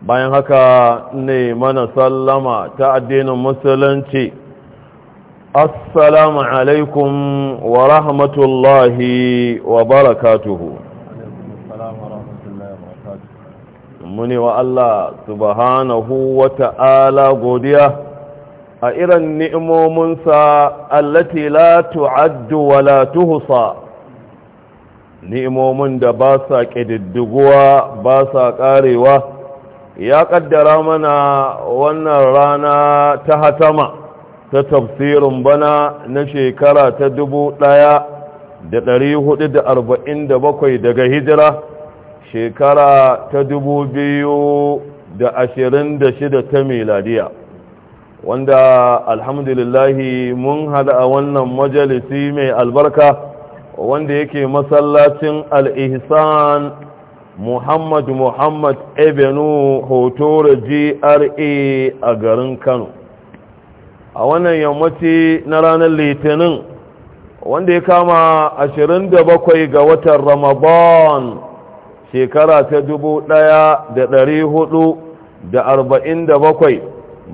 bayan haka ne mana sallama ta addinin musulunci assalamu alaikum wa rahmatullahi wa barakatuhu muni wa Allah subhanahu wa ta'ala godiya a irin ni'imominsa allati la tu'addu wa la tuhsa ni'imomin da ba sa ƙididdiguwa ba sa ƙarewa ya kaddara mana wannan rana ta hatama ta tafsirin bana na shekara ta dubu ɗaya da ɗari hudu da arba'in da bakwai daga hijira shekara ta dubu biyu da ashirin da shida ta miladiya wanda alhamdulillahi mun hada a wannan majalisi mai albarka wanda yake masallacin al'ihsan muhammad muhammad ebenu da gra a garin kano a wannan yammaci na ranar litinin wanda ya kama 27 ga watan ramadan shekara ta 1447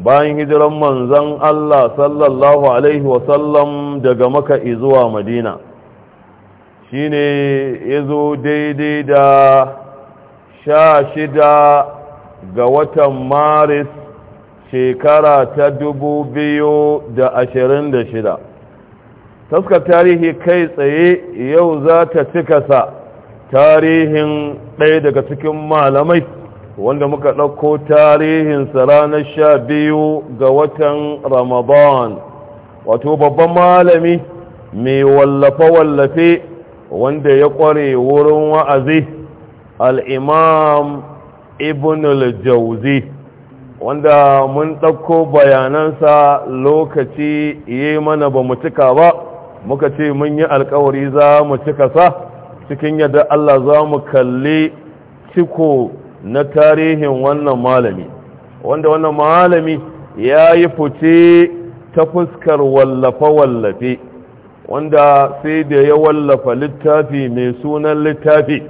bayan hijiran manzan allah sallallahu alaihi wasallam daga maka zuwa madina shine ya zo daidai da sha shida ga watan maris shekara ta dubu biyu da ashirin da shida taskar tarihi kai tsaye yau za ta sa tarihin ɗaya daga cikin malamai wanda muka ɗauko tarihinsa ranar sha biyu ga watan ramadan wato babban malami mai wallafe-wallafe wanda ya ƙware wurin wa'azi al'imam ibn al-jauzi wanda mun ɗauko bayanansa lokaci yi mana ba mu cika ba muka ce mun yi alkawari za mu cika sa cikin yadda Allah za mu kalli ciko na tarihin wannan malami wanda wannan malami ya yi fice ta fuskar wallafe-wallafe wanda sai da ya wallafa littafi mai sunan littafi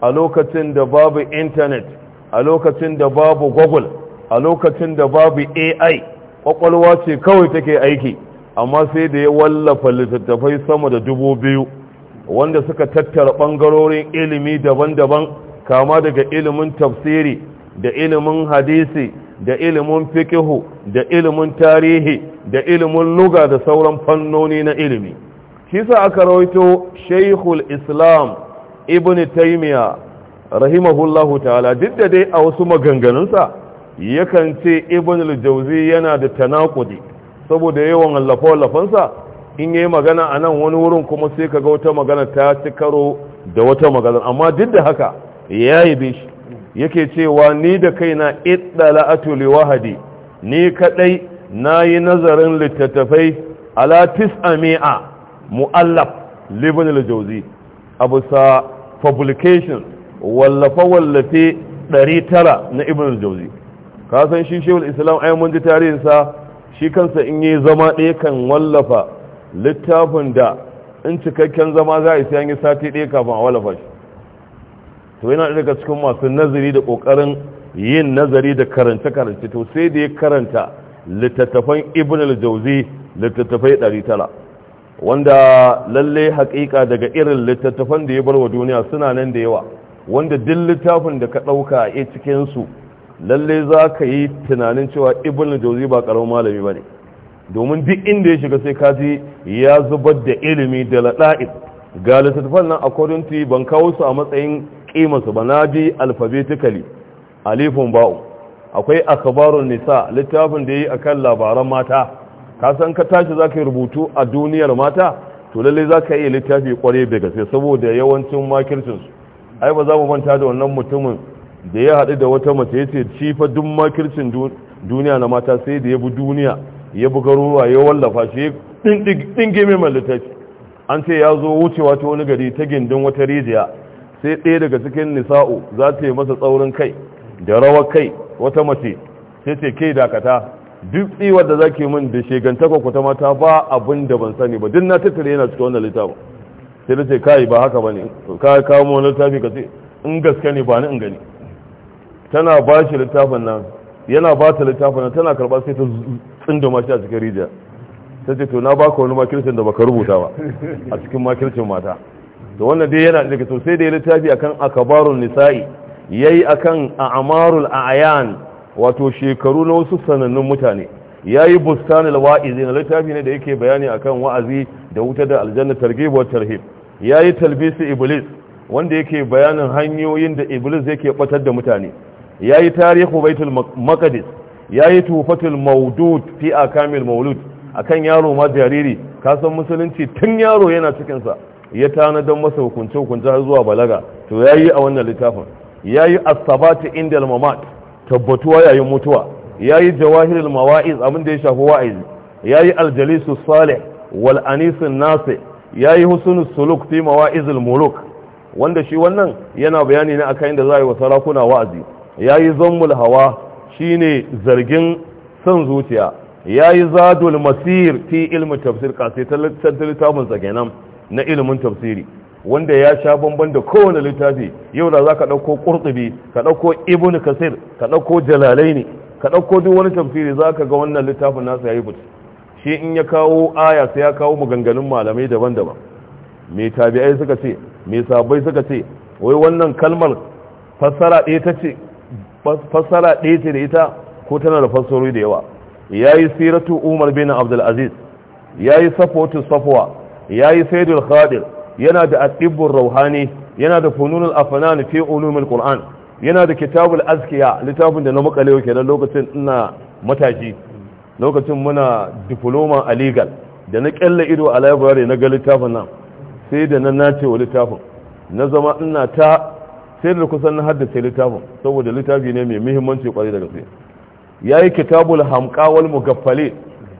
a lokacin da babu intanet a lokacin da babu google a lokacin da babu ai kwakwalwa ce kawai take aiki amma sai da ya wallafa littattafai sama da dubu biyu wanda suka tattara bangarorin ilimi daban-daban kama daga ilimin tafsiri da ilimin hadisi da ilimin fikihu da ilimin tarihi da ilimin luga da sauran fannoni na ilimi kisa aka rawaito shaykhul islam ibn taymiya rahimahullahu ta'ala duk da dai a wasu maganganunsa yakan ce ibn al yana da tanakudi saboda yawan allafa lafansa in yayi magana a nan wani wurin kuma sai ka ga wata magana ta ci karo da wata magana amma duk da haka ya yi shi yake cewa ni da kaina li wahadi ni kadai nayi nazarin littattafai ala tis'ami'a mu'allaf libin al abu sa publications wallafe-wallafe 900 na ibn jauzi ka san shi shehu islam ai mun ji tarihinsa shi kansa in yi zama ɗaya kan wallafa littafin da in cikakken zama za a isa yi sati ɗaya kafin a wallafa shi to yana daga cikin masu nazari da ƙoƙarin yin nazari da karance-karance to sai da ya karanta littattafan ibn al-jauzi littattafai 900 wanda lalle haƙiƙa daga irin littattafan da ya bar wa duniya suna nan da yawa wanda duk littafin da ka ɗauka a cikinsu lalle za ka yi tunanin cewa ibn jauzi ba ƙaramin malami ba ne domin duk inda ya shiga sai ka ji ya zubar da ilimi da laɗa'in ga littattafan nan a kodinti ban kawo su a matsayin ƙimarsu ba na bi alfabetikali alifin ba'u akwai akabarun nisa littafin da ya yi a kan labaran mata ka san ka tashi za ka yi rubutu a duniyar mata to lallai za ka iya littafi kwarai da gaske saboda yawancin makircinsu ai ba za mu manta da wannan mutumin da ya haɗu da wata mace ya ce cifa duk makircin duniya na mata sai da ya bi duniya ya bi garuruwa ya wallafa shi ya ɗinge mai littafi an ce ya zo wucewa ta wani gari ta gindin wata rijiya sai ɗaya daga cikin nisa'u za ta yi masa tsaurin kai da rawar kai wata mace sai ce kai dakata duk tsiwar da zaki min da shegantaka ku ta mata ba abin da ban sani ba duk na tattare yana cikin wannan littafin sai ta ce kai ba haka ba ne ka kawo mu wani littafi ka ce in gaske ne ba ni in gani tana ba shi littafin nan yana ba ta littafin nan tana karɓa sai ta ma shi a cikin rijiya ta ce to na ba ka wani makircin da baka rubuta ba a cikin makircin mata to wannan dai yana daga sosai da ya littafi akan akabarun nisa'i yayi akan a'marul a'yan wato shekaru na wasu sanannun mutane ya yi bustanul wa'izi na littafi ne da yake bayani akan wa'azi da wuta da aljanna targibuwar wa tarhib ya yi talbisi iblis wanda yake bayanin hanyoyin da iblis yake batar da mutane ya yi tarihu baitul maqdis ya yi tufatul maudud fi akamil maulud akan yaro ma jariri kasan musulunci tun yaro yana cikinsa ya tanadan masa hukunce hukunce har zuwa balaga to ya yi a wannan littafin ya yi asabati indal mamat tabbatuwa yayin mutuwa yayi jawahirul mawa'iz abin da ya shafi wa'izi yayi aljalisu salih wal anisun nasi yayi husnul suluk fi mawa'izul muluk wanda shi wannan yana bayani ne akan inda za a yi wa sarakuna wa'azi yayi zammul hawa shine zargin son zuciya yayi zadul masir fi ilmi tafsir kasai tattalin tafsirin na ilimin tafsiri wanda ya sha bamban da kowane littafi yau da za ka ɗauko ƙurtubi ka ɗauko ibn kasir ka ɗauko jalalaini ka ɗauko duk wani tafsiri za ka ga wannan littafin nasa ya yi fita shi in ya kawo aya sai ya kawo maganganun malamai daban-daban me tabi'ai suka ce me sabai suka ce wai wannan kalmar fassara ɗaya ta ce fassara ɗaya ce da ita ko tana da fassarori da yawa ya yi siratu umar bin abdulaziz ya yi safotu safuwa. ya yi saidul khadir yana da atibbur rauhani yana da fununul afanan fi ulumul qur'an yana da kitabul azkiya littafin da na makalewa kenan lokacin ina mataki lokacin muna diploma a legal da na kyalle ido a library na ga littafin nan sai da na nace wa littafin na zama ina ta sai da kusan na haddace littafin saboda littafi ne mai muhimmanci kwarai da gaske yayi kitabul hamqa mugaffali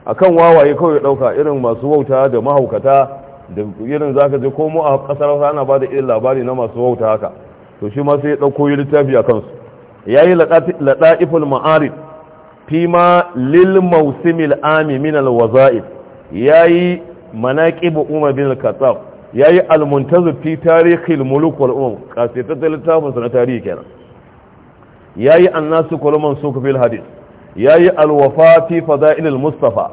akan wawaye kawai dauka irin masu wauta da mahaukata da irin zaka je ko mu a kasar Hausa ana bada irin labari na masu wauta haka to shi ma sai ya dauko yi littafi a kansu yayi ladaiful ma'arif fi ma lil mawsimil ami min al waza'ib yayi manaqib umar bin al-khattab yayi al-muntazir fi muluk wal umam kasitatul littafin sa na tarihi kenan yayi annasu kuluman suku fil hadith yayi alwafa fi fada'ilil mustafa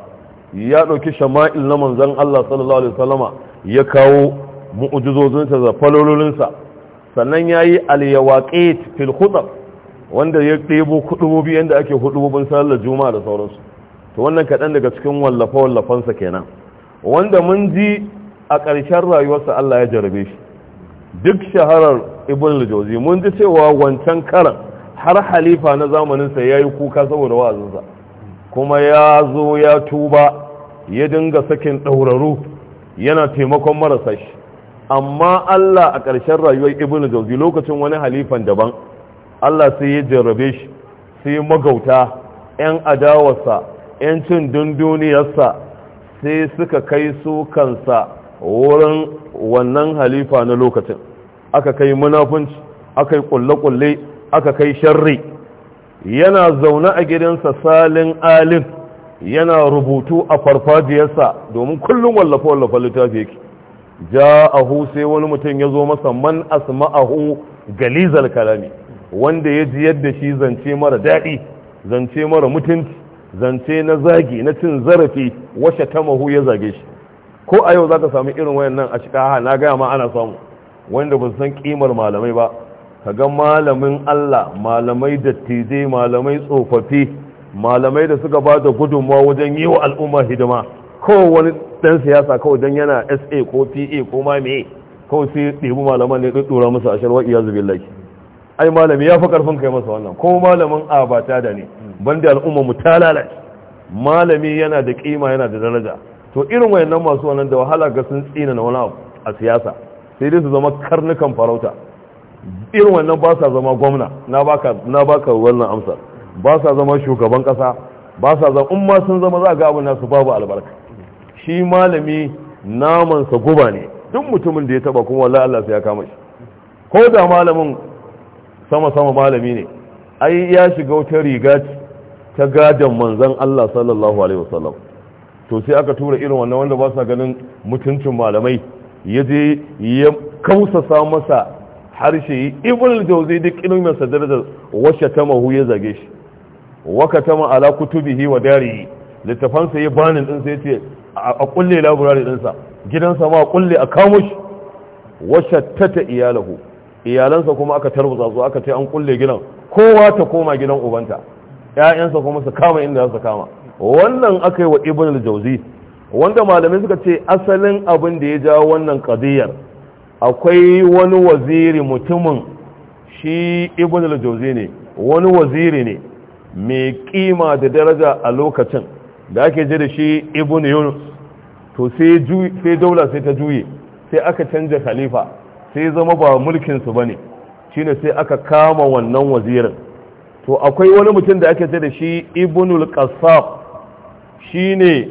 ya dauki shama'il na manzon Allah sallallahu alaihi wasallama ya kawo mu'ujizozinsa da falololinsa sannan ya yi aliyawaƙet fil wanda ya ɗebo kuɗubobi yadda ake hudubobin sallar juma'a da sauransu to wannan kaɗan daga cikin wallafe-wallafensa kenan wanda mun ji a ƙarshen rayuwarsa Allah ya jarabe shi duk shaharar ibn lujozi mun ji cewa wancan karan har halifa na zamaninsa ya yi kuka saboda wa'azinsa kuma ya zo ya tuba ya dinga sakin ɗauraru yana taimakon marasa shi amma Allah a ƙarshen rayuwar ibn jauzi lokacin wani halifan daban Allah sai ya jarrabe shi sai magauta 'yan adawarsa 'yan cin dunduniyarsa sai suka kai su kansa wurin wannan halifa na lokacin aka kai munafunci aka yi kulle-kulle aka kai sharri yana zaune a gidansa salin alin yana rubutu a farfajiyarsa domin kullum wallafa-wallafa littafi yake ja'ahu sai wani mutum ya zo masa man asma'ahu galizar kalami wanda ya ji yadda shi zance mara daɗi zance mara mutunci zance na zagi na cin zarafi washe mahu ya zage shi ko a yau za ka sami irin wayan nan a shi ƙaha na gaya ma ana samu wanda ba san ƙimar malamai ba ka ga malamin Allah malamai dattijai malamai tsofaffi malamai da suka ba da gudunmawa wajen yi wa al'umma hidima kowane dan siyasa kawai don yana sa ko pa ko ma me kawai sai ɗebi malaman ne ɗora musu a sharwa iya zubin laki ai malami ya fi karfin kai masa wannan ko malamin abata da ne banda al'umma mu ta lalace malami yana da kima yana da daraja to irin wayannan masu wannan da wahala ga sun tsina na wani a siyasa sai dai su zama karnukan farauta irin wannan ba sa zama gwamna na baka na baka wannan amsar ba sa zama shugaban kasa ba sa zama in sun zama za ga abin nasu babu albarka shi malami namansa guba ne duk mutumin da ya taba kuma wallahi Allah sai ya kama shi ko da malamin sama sama malami ne ai ya shiga wata riga ta gadan manzon Allah sallallahu alaihi wasallam to sai aka tura irin wannan wanda ba sa ganin mutuncin malamai ya je ya kausasa masa harshe ibn al-jawzi duk ilmin sa darajar wacce ta ya zage shi wa katama ala kutubihi wa darihi littafansa ya banin din sai ce a kulle laburare dinsa gidansa ma kulle a kamush. iyalahu iyalansa kuma aka tarbuza su aka ce an kulle gidan kowa ta koma gidan ubanta ƴaƴansa kuma su kama inda za su kama wannan aka yi wa ibn al-jawzi wanda malamai suka ce asalin abin da ya jawo wannan qadiyar akwai wani waziri mutumin shi ibn al-jawzi ne wani waziri ne mai kima da daraja a lokacin da ake ji da shi ibn yunus to sai daula sai ta juye sai aka canja khalifa sai zama ba mulkinsu ba ne Shi ne sai aka kama wannan wazirin to akwai wani mutum da ake ji da shi ibnul shi ne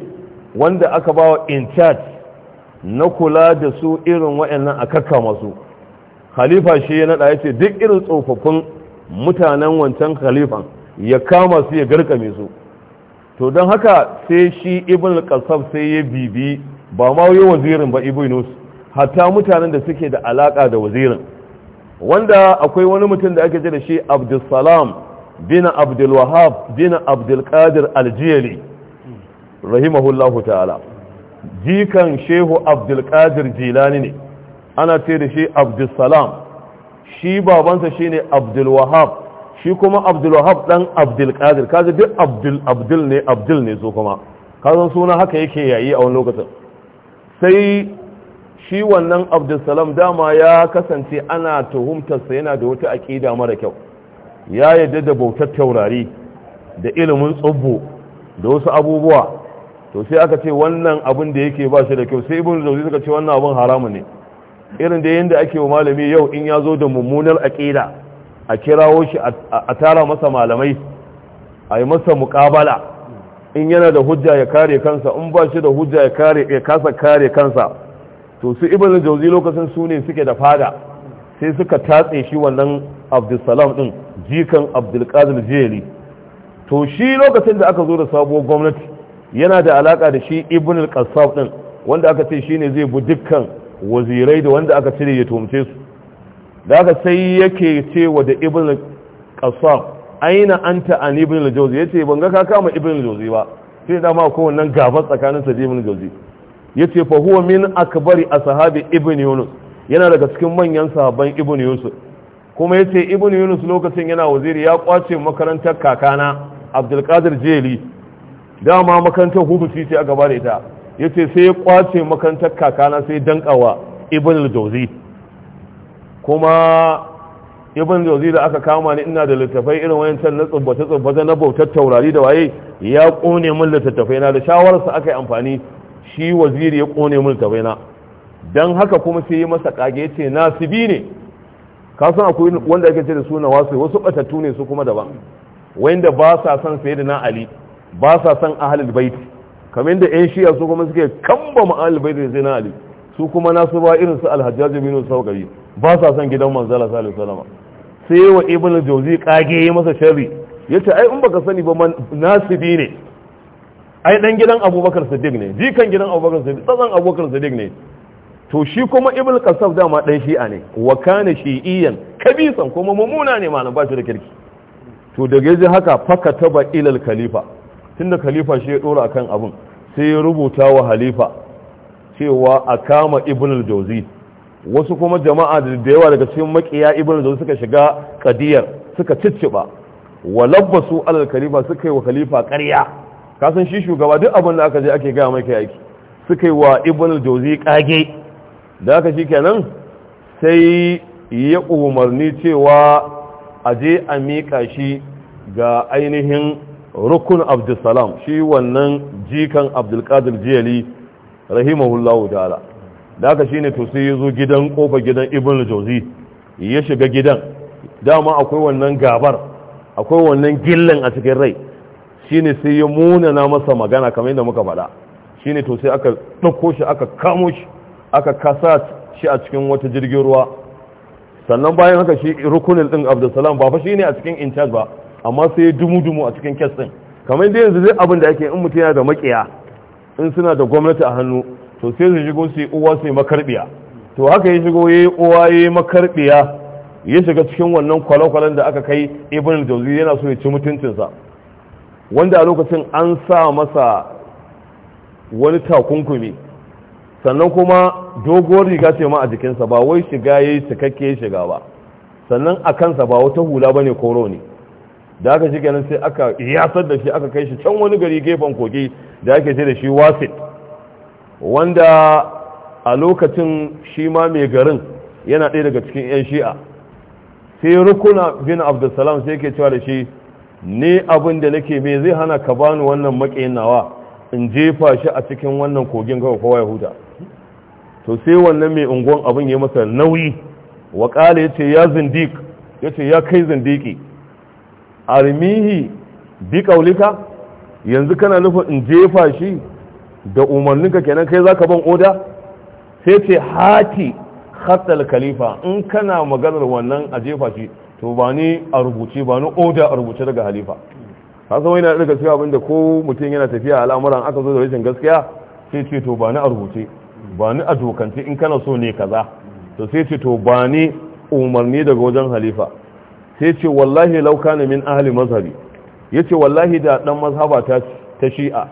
wanda aka ba wa in charge na kula da su irin waɗannan a kakka masu. khalifa shi ya naɗa ya ce duk irin tsofaffin mutanen wancan khalifan ya kama su ya garkame su to don haka sai shi ibn al-qasab sai ya bibi ba ma yi wazirin ba ibinus hatta mutanen da suke da alaka da wazirin wanda akwai wani mutum da ake ji da shi abdulsalam bin abdulwahab bin abdulkadir aljiyali rahimahullahu ta'ala jikan shehu abdulkadir jilani ne ana ce da shi abdulsalam shi babansa shine abdulwahab shi kuma abdul wahab dan abdul qadir kaji duk abdul abdul ne abdul ne zo kuma kaza suna haka yake yayi a wani lokacin sai shi wannan abdul salam dama ya kasance ana tuhumtarsa yana da wata aƙida mara kyau ya yadda da bautar taurari da ilimin tsubbo da wasu abubuwa to sai aka ce wannan abin da yake ba shi da kyau sai ibn zawzi suka ce wannan abin haramun ne irin da yanda ake wa malami yau in ya zo da mummunar aƙida a kirawo shi a tara masa malamai a yi masa mukabala in yana da hujja ya kare kansa in ba shi da hujja ya kasa kare kansa to su ibn jauzi lokacin su ne suke da fada sai suka tatse shi wannan abdulsalam din jikan abdulkadir jeli to shi lokacin da aka zo da sabuwar gwamnati yana da alaka da shi ibn al-qassab din wanda aka ce shine zai bu dukkan wazirai da wanda aka cire ya tumce su da aka sai yake cewa da ibn qasab aina anta an ibn al-jawzi yace ban ga ka kama ibn al-jawzi ba sai ma ko wannan gaba tsakanin sa da ibn al-jawzi yace fa huwa min akbari ashabi ibn yunus yana daga cikin manyan sahabban ibn yunus kuma yace ibn yunus lokacin yana waziri ya kwace makarantar kakana abdulkadir jeli dama makarantar hubusi ce a gaba da ita yace sai ya kwace makarantar kakana sai dankawa ibn al-jawzi kuma ibn jauzi da aka kama ni ina da littattafai irin can na tsubbace tsubbace na bautar taurari da waye ya kone min littattafai na da shawararsa aka yi amfani shi waziri ya kone min littattafai na dan haka kuma sai yi masa kage ce nasibi ne ka san akwai wanda ake ce da suna wasu wasu batattu ne su kuma daban wanda ba sa son sayyidina ali ba sa son ahlul bait kamar da yan shi'a su kuma suke kamba ma ahlul bait da sayyidina ali su kuma nasu ba irin su alhajjaji bin saukari ba sa son gidan manzala sallallahu alaihi wasallam sai wa ibn jauzi kage yi masa sharri yace ai in baka sani ba man nasibi ne ai dan gidan abubakar siddiq ne jikan gidan abubakar siddiq tsazan abubakar siddiq ne to shi kuma ibn kasaf dama dan shi'a ne wa kana shi'iyan kabisan kuma mumuna ne malam ba shi da kirki to daga yaji haka taba ilal khalifa tunda khalifa shi ya dora akan abun sai ya rubuta wa halifa cewa a kama ibn al jawzi wasu kuma jama'a da yawa daga cikin makiya ibn al jawzi suka shiga kadiyar suka cicciba wa labbasu alal khalifa suka yi wa khalifa ƙarya kasan shi shugaba duk abin da aka je ake gaya mai aiki suka yi wa ibn al jawzi kage da aka shi kenan sai ya umarni cewa a je a mika shi ga ainihin rukun abdulsalam shi wannan jikan abdulkadir jiyali rahimahullahu ta'ala da haka shine to sai yazo gidan kofa gidan ibn jauzi ya shiga gidan dama akwai wannan gabar akwai wannan gillan a cikin rai shine sai ya munana masa magana kamar yadda muka faɗa shine to sai aka ɗauko shi aka kamo shi aka kasa shi a cikin wata jirgin ruwa sannan bayan haka shi rukunin din abdulsalam ba fa shine a cikin in charge ba amma sai ya dumu-dumu a cikin kes din kamar da yanzu zai abin da yake in mutum yana da makiya in suna da gwamnati a hannu to sai su shigo su yi uwa su yi makarbiya to haka ya shigo ya uwa ya yi makarbiya ya shiga cikin wannan kwale-kwalen da aka kai ibn jauzi yana so ya ci mutuncinsa wanda a lokacin an sa masa wani takunkumi sannan kuma doguwar riga ce ma a jikinsa ba wai shiga ya yi cikakke shiga ba sannan a kansa ba wata hula ba ne koro ne da aka shi kenan sai aka yasar da shi aka kai shi can wani gari gefen kogi da ake ce da shi wasit wanda a lokacin shi ma mai garin yana ɗaya daga cikin 'yan shi'a sai rukuna bin abdulsalam sai ke cewa da shi ne abin da nake mai zai hana ka bani wannan maƙiyin in jefa shi a cikin wannan kogin gawa kowa yahuda to sai wannan mai unguwan abin ya masa nauyi wa ya ce ya zindik ya ce ya kai zindiki armihi bi kaulika yanzu kana nufin in jefa shi da umarninka kenan kai zaka ban oda sai ce haki khatal khalifa in kana maganar wannan a jefa shi to ba ni a rubuce ba ni oda a rubuce daga halifa kasan wani na daga cikin abin da ko mutum yana tafiya al'amuran aka zo da rashin gaskiya sai ce to ba ni a rubuce ba ni a dokance in kana so ne kaza to sai ce to ba ni umarni daga wajen halifa sai ce wallahi lauka na min ahli mazhabi ya ce wallahi da ɗan mazhaba ta shi'a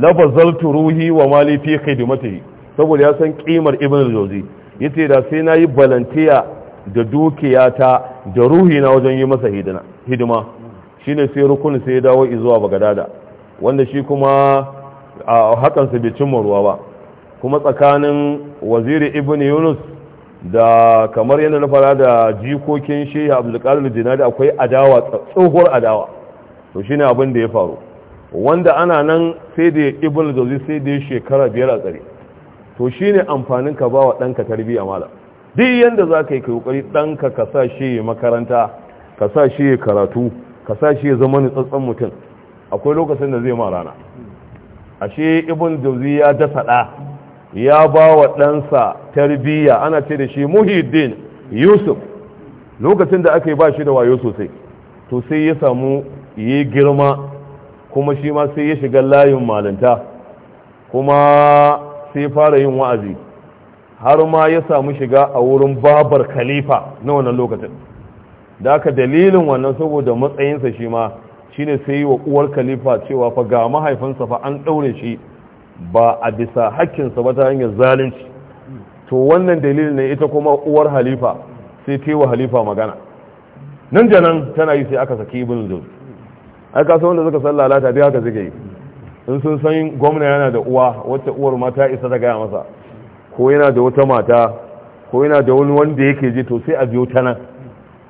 labazaltu ruhi wa mali fi khidmatihi saboda ya san kimar ibn al-jawzi yace da sai na yi balantiya da dukiyata da ruhi na wajen yi masa hidima hidima shine sai rukun sai ya dawo zuwa bagadada wanda shi kuma a hakan sa bai cimma ruwa ba kuma tsakanin waziri ibn yunus da kamar yadda na fara da jikokin shehi abdulkadir jinadi akwai adawa tsohuwar adawa to shi ne abin da ya faru wanda ana nan sai da ibn jauzi sai da shekara biyar a tsare to shi ne amfanin ka ba wa ɗanka tarbiyya mala duk yadda za ka yi kokari ɗanka ka sa shi makaranta ka sa shi karatu ka sa shi zama tsantsan mutum akwai lokacin da zai ma rana ashe ibn jauzi ya dasa ɗa ya ba wa ɗansa tarbiyya ana ce da shi muhiddin yusuf lokacin da aka yi ba shi da wayo sosai to sai ya samu yi girma kuma shi ma sai ya shiga layin malanta kuma sai fara yin wa'azi har ma ya samu shiga a wurin babar khalifa na wannan lokacin da aka dalilin wannan saboda matsayinsa shi ma shine sai yi wa uwar khalifa cewa fa ga mahaifinsa fa an ɗaure shi ba a bisa hakkinsa ba ta hanyar zalunci to wannan dalilin ne ita kuma uwar halifa sai ta wa halifa magana nan janan tana yi sai aka saki ibn zuz ai ka san wanda suka san lalata dai haka suke yi in sun san gwamna yana da uwa wacce uwar mata isa ta gaya masa ko yana da wata mata ko yana da wani wanda yake ji to sai a biyo ta nan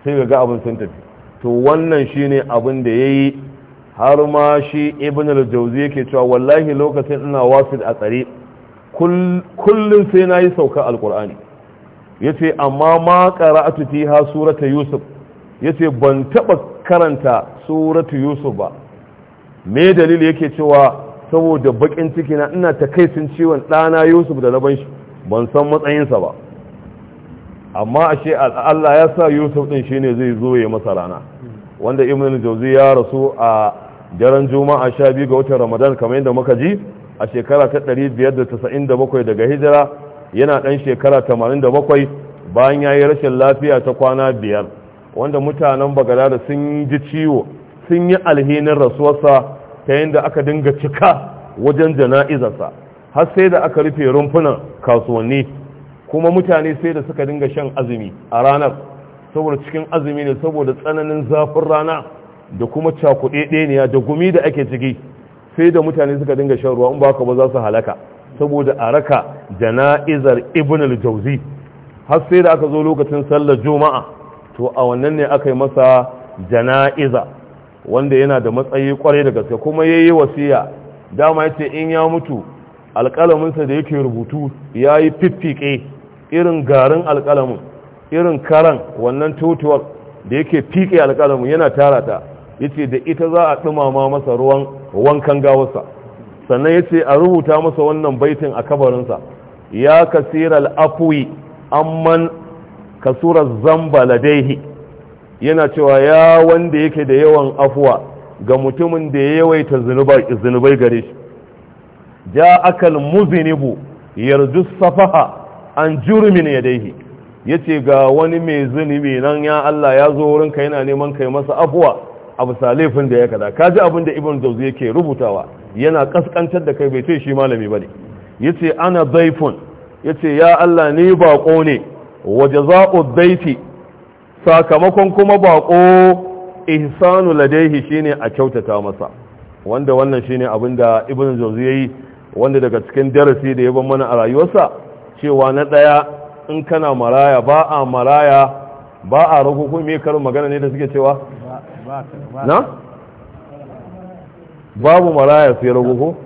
sai ga ga abin sun tafi to wannan shine abin da yayi har ma shi ibn al-jawzi yake cewa wallahi lokacin ina wasil a tsare kullun sai nayi sauka alqur'ani yace amma ma qara'atu fiha surata yusuf yace ban taba karanta suratu yusuf ba me dalili yake cewa saboda bakin ciki na ina ta kai sun ciwon dana yusuf da na shi ban san matsayinsa ba amma ashe Allah ya sa yusuf din shine zai zo ya masa rana wanda ibn al-jawzi ya rasu a daren juma'a sha biyu ga watan ramadan kamar yadda muka ji a shekara ta 597 daga hijira yana ɗan shekara 87 bayan ya yi rashin lafiya ta kwana biyar wanda mutanen da sun ji ciwo sun yi alhinin rasuwarsa ta yadda aka dinga cika wajen jana'izarsa har sai da aka rufe rumfunan kasuwanni kuma mutane sai da suka dinga shan azumi a ranar saboda cikin azumi ne saboda tsananin zafin rana da kuma cakuɗe ne da gumi da ake ciki sai da mutane suka dinga shan ruwa in ba ka ba za su halaka saboda a raka jana'izar ibn al-jauzi har sai da aka zo lokacin sallar juma'a to a wannan ne aka yi masa jana'iza wanda yana da matsayi kwarai da gaske kuma ya yi wasiya dama ya ce in ya mutu alƙalaminsa da yake rubutu ya yi fiffiƙe irin garin alƙalamin irin karan wannan totuwar da yake fiƙe alƙalamin yana tara ta yace da ita za a dumama masa ruwan wankan gawarsa sannan yace a rubuta masa wannan baitin a kabarinsa ya kasiral afwi amman kasura zamba ladaihi yana cewa ya wanda yake da yawan afuwa ga mutumin da ya yawaita zunubai gare shi ja akal muzinibu yarju safaha an jurmin yadaihi yace ga wani mai zunubi nan ya Allah ya zo wurinka yana neman kai masa afuwa abu salifin da ya kaza ji abin da ibn dawzi yake rubutawa yana kaskantar da kai bai ce shi malami bane yace ana daifun yace ya Allah ni bako ne wa jazaa'u daiti sakamakon kuma bako ihsanu ladaihi shine a kyautata masa wanda wannan shine abin da ibn dawzi yayi wanda daga cikin darasi da ya ban mana a rayuwarsa cewa na daya in kana maraya ba a maraya ba a rahuhu me karin magana ne da suke cewa na babu maraya sai da ko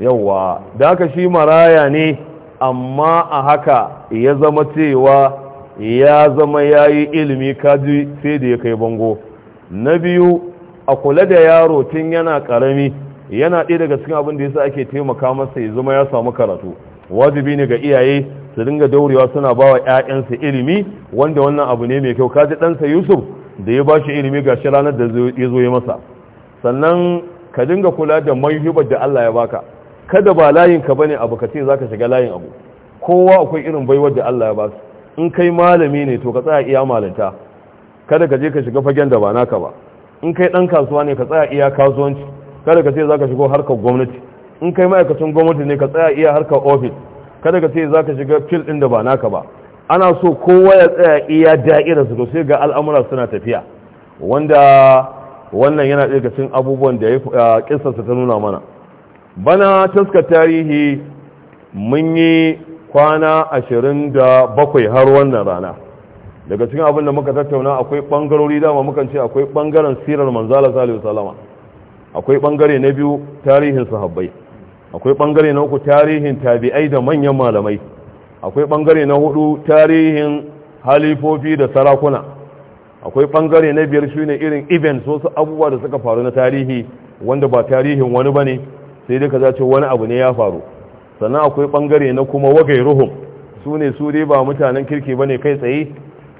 yawa da aka shi maraya ne amma a haka ya zama cewa ya zama ya yi ilimi kaji sai da ya kai bango na biyu a kula da yaro tun yana karami yana ɗaya daga cikin abin da sa ake taimaka masa ya zama ya samu karatu wajibi ne ga iyaye su dinga daurewa suna ba wa 'ya'yansa ilimi wanda wannan abu ne mai kyau kaji ɗansa yusuf da ya ba shi ilimi ga shi ranar da ya zo ya masa sannan ka dinga kula da manhubar da Allah ya baka kada ba layin ka bane abu ka ce zaka shiga layin abu kowa akwai irin baiwar da Allah ya ba su in kai malami ne to ka tsaya iya malinta kada ka je ka shiga fagen da ba naka ba in kai dan kasuwa ne ka tsaya iya kasuwanci kada ka ce zaka shigo harkar gwamnati in kai ma'aikacin gwamnati ne ka tsaya iya harkar office kada ka ce zaka shiga fil din da ba naka ba ana so kowa ya tsaya iya da'ira su sai ga al'amura suna tafiya wanda wannan yana daga cikin abubuwan da ya kisarsa ta nuna mana bana taskar tarihi mun yi kwana ashirin da bakwai har wannan rana daga cikin abin da muka tattauna akwai da dama mukan ce akwai bangaren sirar manzala salihu salama akwai bangare na biyu tarihin sahabbai akwai bangare na uku tarihin tabi'ai da manyan malamai akwai bangare na hudu tarihin halifofi da sarakuna akwai bangare na biyar shine irin events wasu abubuwa da suka faru na tarihi wanda ba tarihin wani bane sai dai kaza ce wani abu ne ya faru sannan akwai bangare na kuma wagai su ne su dai ba mutanen kirki ba ne kai tsaye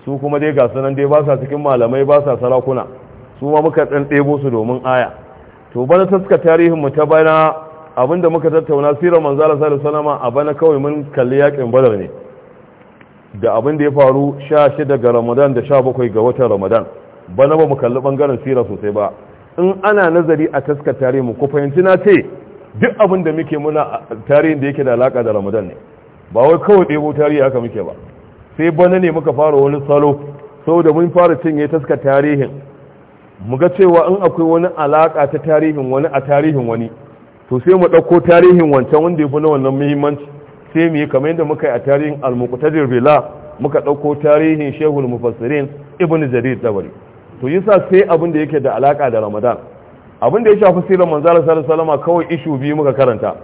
su kuma dai ga sanan dai ba sa cikin malamai ba sa sarakuna su ma muka dan ɗebo su domin aya to bana taska tarihin mu ta bana abinda muka tattauna sirar manzala sallallahu da a bana kawai mun kalli yakin badar ne da abin da ya faru 16 ga ramadan da 17 ga watan ramadan bana ba mu kalli bangaren sirar sosai ba in ana nazari a taskar tare mu ko fahimci na ce duk abin da muke muna tarihin da yake da alaka da ramadan ne ba wai kawai ɗebo tarihi haka muke ba sai bana ne muka fara wani salo saboda mun fara cinye taskar tarihin mu ga cewa in akwai wani alaka ta tarihin wani a tarihin wani to sai mu ɗauko tarihin wancan wanda ya fi na wannan muhimmanci sai mu yi kamar yadda muka yi a tarihin al-muqtadir bila muka ɗauko tarihin shehul mufassirin ibn jarir tabari to yasa sai abin da yake da alaka da ramadan abin da ya shafi sirar manzala sallallahu alaihi kawai ishu biyu muka karanta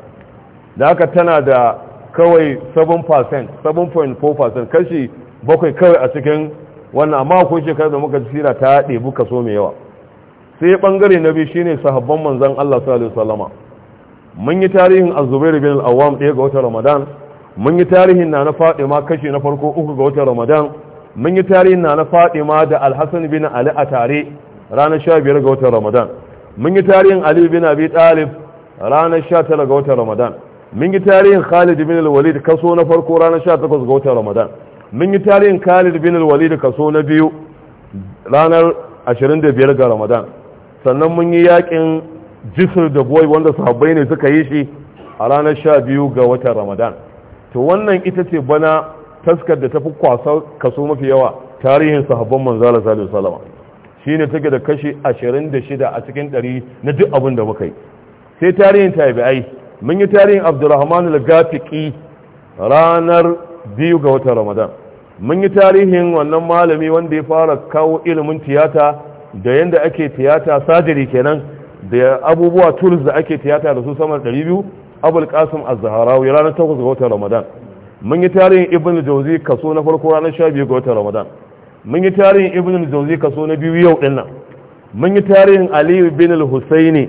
da haka tana da kawai 7% 7.4% kashi bakwai kawai a cikin wannan amma kun shekarar da muka sira ta ɗebi kaso mai yawa sai bangare na biyu shine sahabban manzon Allah sallallahu alaihi mun yi tarihin azubairu bin al'awam ɗaya ga watan ramadan mun yi tarihin na na ma kashi na farko uku ga watan ramadan mun yi tarihin na na ma da alhassan bin ali a tare ranar sha biyar ga watan ramadan mun yi tarihin ali bin abi talib ranar sha tara ga watan ramadan mun yi tarihin khalid bin walid kaso na farko ranar sha takwas ga watan ramadan mun yi tarihin khalid bin walid kaso na biyu ranar ashirin da biyar ga ramadan sannan mun yi yakin jisir da boy wanda sahabbai ne suka yi shi a ranar sha biyu ga watan ramadan to wannan ita ce bana taskar da tafi kwasa kaso mafi yawa tarihin sahabban manzala salihu salama shi ne take da kashi 26 a cikin 100 na duk abin da muka yi sai tarihin tabi'ai mun yi tarihin abdurrahman al-gafiqi ranar biyu ga watan ramadan mun yi tarihin wannan malami wanda ya fara kawo ilimin tiyata da yadda ake tiyata sajiri kenan da abubuwa tools da ake tiyata da su sama da 200 abul qasim az-zaharawi ranar 8 ga watan ramadan mun yi tarihin ibn jauzi kaso na farko ranar 12 ga watan ramadan mun yi tarihin ibn jauzi kaso na biyu yau din nan mun yi tarihin ali bin al-husaini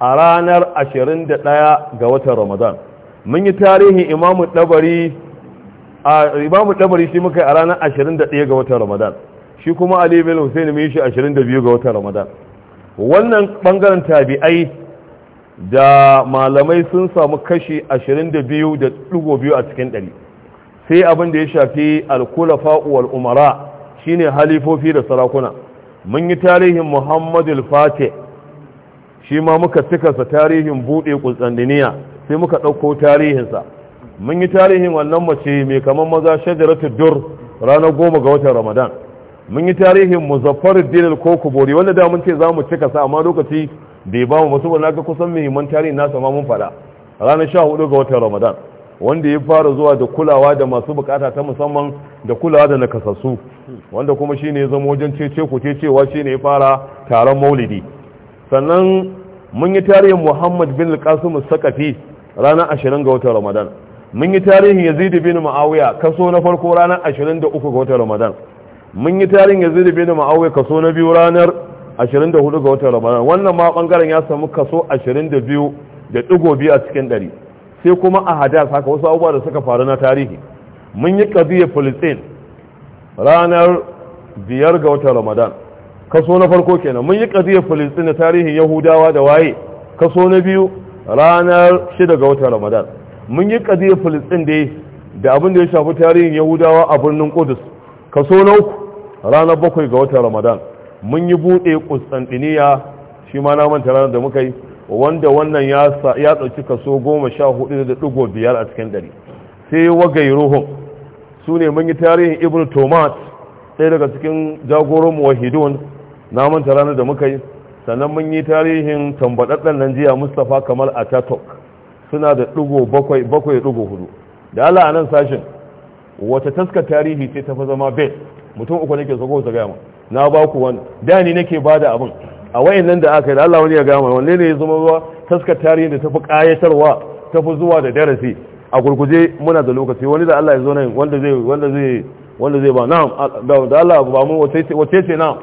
a ranar 21 ga watan ramadan mun yi tarihin imamu dabari a imamu dabari shi muka yi a ranar 21 ga watan ramadan shi kuma ali bin al-husaini mun yi shi 22 ga watan ramadan wannan bangaren tabi'ai da malamai sun samu kashi 22.2 a cikin ɗari sai abin da ya shafi alkulafa wal umara shine halifofi da sarakuna mun yi tarihin muhammadu fate shi ma muka cikarsa tarihin buɗe kustandiniya sai muka ɗauko tarihinsa mun yi tarihin wannan mace mai kamar maza shajaratu dur ranar goma ga watan ramadan mun yi tarihin muzaffar dinar ko kubori wanda da mun ce za mu cika sa amma lokaci bai ba mu ba na ga kusan muhimman tarihin nasa ma mun faɗa ranar sha hudu ga watan ramadan wanda ya fara zuwa da kulawa da masu bukata ta musamman da kulawa da nakasassu wanda kuma shine ya zama wajen cece ku cecewa shine ya fara taron maulidi sannan mun yi tarihin muhammad bin al sakafi ranar ashirin ga watan ramadan mun yi tarihin yazid bin ma'awiya kaso na farko ranar ashirin da uku ga watan ramadan mun yi tarin yazid bin muawiya kaso na biyu ranar 24 ga watan ramadan wannan ma bangaren ya samu kaso 22 da digo biyu a cikin dari sai kuma a hadas haka wasu abubuwa da suka faru na tarihi mun yi qadiyya filistin ranar biyar ga watan ramadan kaso na farko kenan mun yi qadiyya filistin na tarihin yahudawa da waye kaso na biyu ranar shida ga watan ramadan mun yi kaziya filistin da abin da ya shafi tarihin yahudawa a birnin kudus. kaso na uku ranar bakwai ga watan ramadan mun yi buɗe kustantiniya shi ma na manta ranar da muka yi wanda wannan ya ɗauki kaso goma sha hudu da ɗigo biyar a cikin ɗari sai wagai ruhun su ne mun yi tarihin ibn tomat ɗaya daga cikin jagoran muwahidun na manta ranar da muka yi sannan mun yi tarihin tambaɗaɗɗen nan jiya mustapha kamar atatok suna da ɗigo bakwai bakwai ɗigo hudu da allah a nan sashin wata taskar tarihi ce ta fa zama bet mutum uku nake so ko su gama na ba ku wani da ni nake bada abin a wayannan da aka yi da Allah wani ya gama wanne ne ya zama ruwa taskar tarihi da tafi kayatarwa tafi zuwa da darasi a gurguje muna da lokaci wani da Allah ya zo nan wanda zai wanda zai wanda zai ba na'am da Allah ba mu wace ce na'am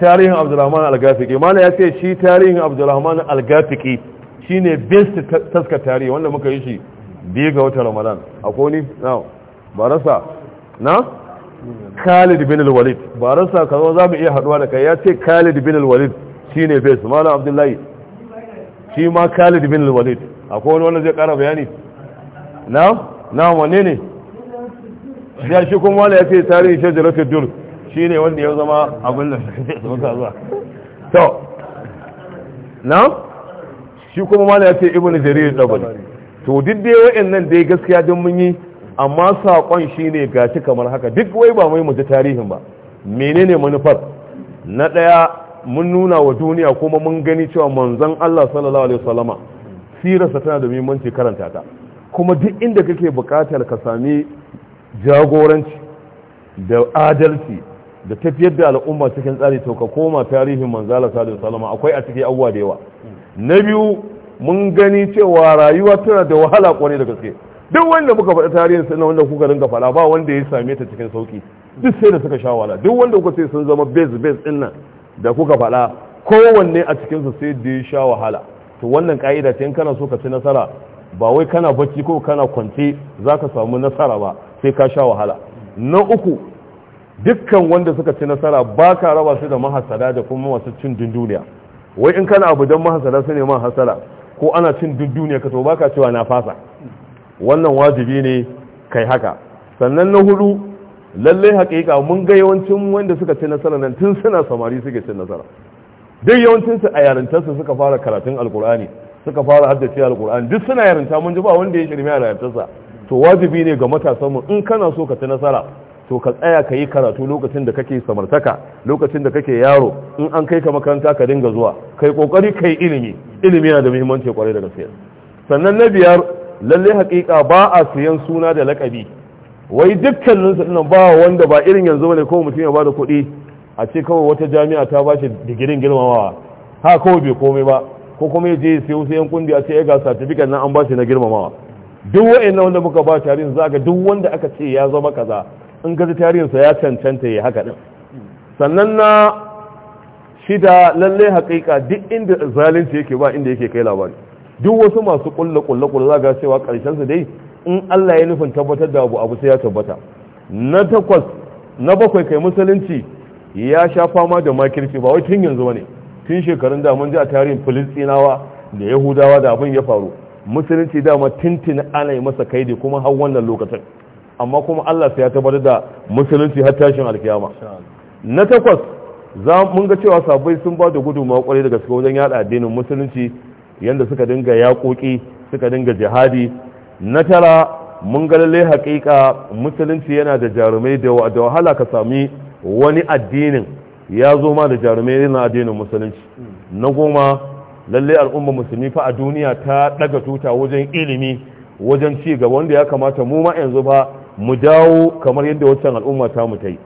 tarihin Abdulrahman Al-Gafiki mana ya ce shi tarihin Abdulrahman Al-Gafiki shine best taskar tarihi wanda muka yi shi biyu ga wata ramadan a ni na barasa na khalid bin al-walid barasa zo za mu iya haduwa da kai ya ce khalid bin al-walid shine base malam abdullahi shi ma khalid bin al-walid a wani wanda zai kara bayani na na wanne ne ya shi kuma wala ya ce tarihi shajaratul dur shine wanda ya zama abin da suka zuwa to na shi kuma mala ya ce ibn jarir dabari to duk dai nan dai gaskiya don mun yi amma saƙon shi ne gashi kamar haka duk wai ba mai mutu tarihin ba menene manufar na ɗaya mun nuna wa duniya kuma mun gani cewa manzon Allah sallallahu alaihi wasallama sirarsa tana da muhimmanci karanta ta kuma duk inda kake buƙatar ka sami jagoranci da adalci da tafiyar da al'umma cikin tsari to ka koma tarihin manzala sallallahu alaihi wasallama akwai a cikin abubuwa da yawa na biyu mun gani cewa rayuwa tana da wahala kwane da gaske duk wanda muka faɗi tarihin sannan wanda kuka dinga faɗa ba wanda ya same ta cikin sauki duk sai da suka sha wahala duk wanda kuka sai sun zama base base dinnan nan da kuka faɗa kowanne a cikin su sai da ya sha wahala to wannan ka'ida ce in kana so ka ci nasara ba wai kana bacci ko kana kwance zaka samu nasara ba sai ka sha wahala na uku dukkan wanda suka ci nasara ba ka raba su da mahasada da kuma masu cin dunduniya wai in kana abu don mahasada su ne mahasada ko ana cin duk duniya ka to baka cewa na fasa wannan wajibi ne kai haka sannan na hudu lalle hakika mun ga yawancin wanda suka ci nasara nan tun suna samari suke cin nasara duk yawancin su a suka fara karatun alkur'ani suka fara haddace alkur'ani duk suna yarinta mun ji ba wanda ya shirme a yarintarsa to wajibi ne ga matasan mu in kana so ka ci nasara to ka tsaya ka yi karatu lokacin da kake samartaka lokacin da kake yaro in an kai ka makaranta ka dinga zuwa kai kokari kai ilimi ilimi yana da muhimmanci kwarai da gaske sannan na biyar lalle hakika ba a siyan suna da lakabi wai dukkanin su nan ba wanda ba irin yanzu bane ko mutum ya ba da kuɗi a ce kawai wata jami'a ta ba shi digirin girmamawa ha kawai bai komai ba ko kuma ya je ya sayo sayan kundi a ce ya ga certificate nan an ba na girmamawa duk wa'annan wanda muka ba tarihin za ga duk wanda aka ce ya zama kaza in gaji tarihinsa ya cancanta ya haka din sannan na shida lallai haƙiƙa duk inda zalunci yake ba inda yake kai labari duk wasu masu ƙulla ƙulla ƙulla za ga cewa ƙarshen su dai in Allah ya nufin tabbatar da abu abu sai ya tabbata na takwas na bakwai kai musulunci ya sha fama da makirci ba wai tun yanzu bane tun shekarun da mun ji a tarihin filistinawa da yahudawa da abin ya faru musulunci dama tintin ana yi masa kaidi kuma har wannan lokacin amma kuma Allah sai ya tabbatar da musulunci har tashin alkiyama na takwas za mun ga cewa sabai sun ba da gudunmawa kwarai da gaske wajen yada addinin musulunci yanda suka dinga yaƙoƙi suka dinga jihadi na tara mun ga lalle haƙiƙa musulunci yana da jarumai da wahala ka sami wani addinin ya zo ma da jarumai yana addinin musulunci na goma lallai al'umma musulmi fa a duniya ta daga tuta wajen ilimi wajen ci gaba wanda ya kamata mu ma yanzu ba mu dawo kamar yadda waccan al'umma ta mu ta yi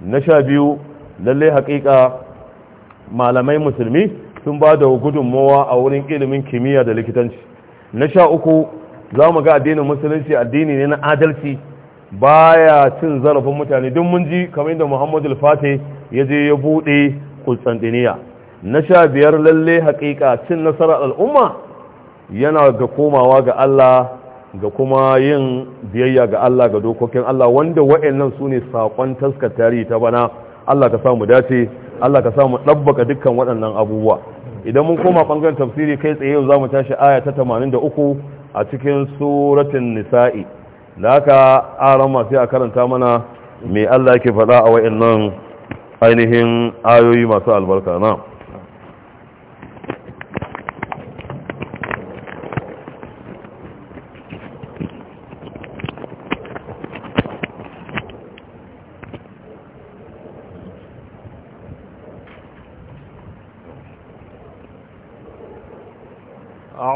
na sha biyu lallai haƙiƙa malamai musulmi sun ba da gudunmowa a wurin ilimin kimiyya da likitanci na sha uku za mu ga addinin musulunci addini ne na adalci baya cin zarafin mutane duk mun ji kamar yadda muhammadu alfate ya je ya buɗe kustantiniya na sha biyar lallai haƙiƙa cin nasarar al'umma yana ga komawa ga allah ga kuma yin biyayya ga Allah ga dokokin Allah wanda wa'annan su ne saƙon taskar tarihi ta bana Allah ka samu dace Allah ka samu ɗabbaka dukkan waɗannan abubuwa idan mun koma ɓangaren tafsiri kai tsaye yau za mu tashi aya ta 83 a cikin suratun nisa'i da aka aron masu a karanta mana mai Allah yake faɗa a wa'annan ainihin ayoyi masu albarka na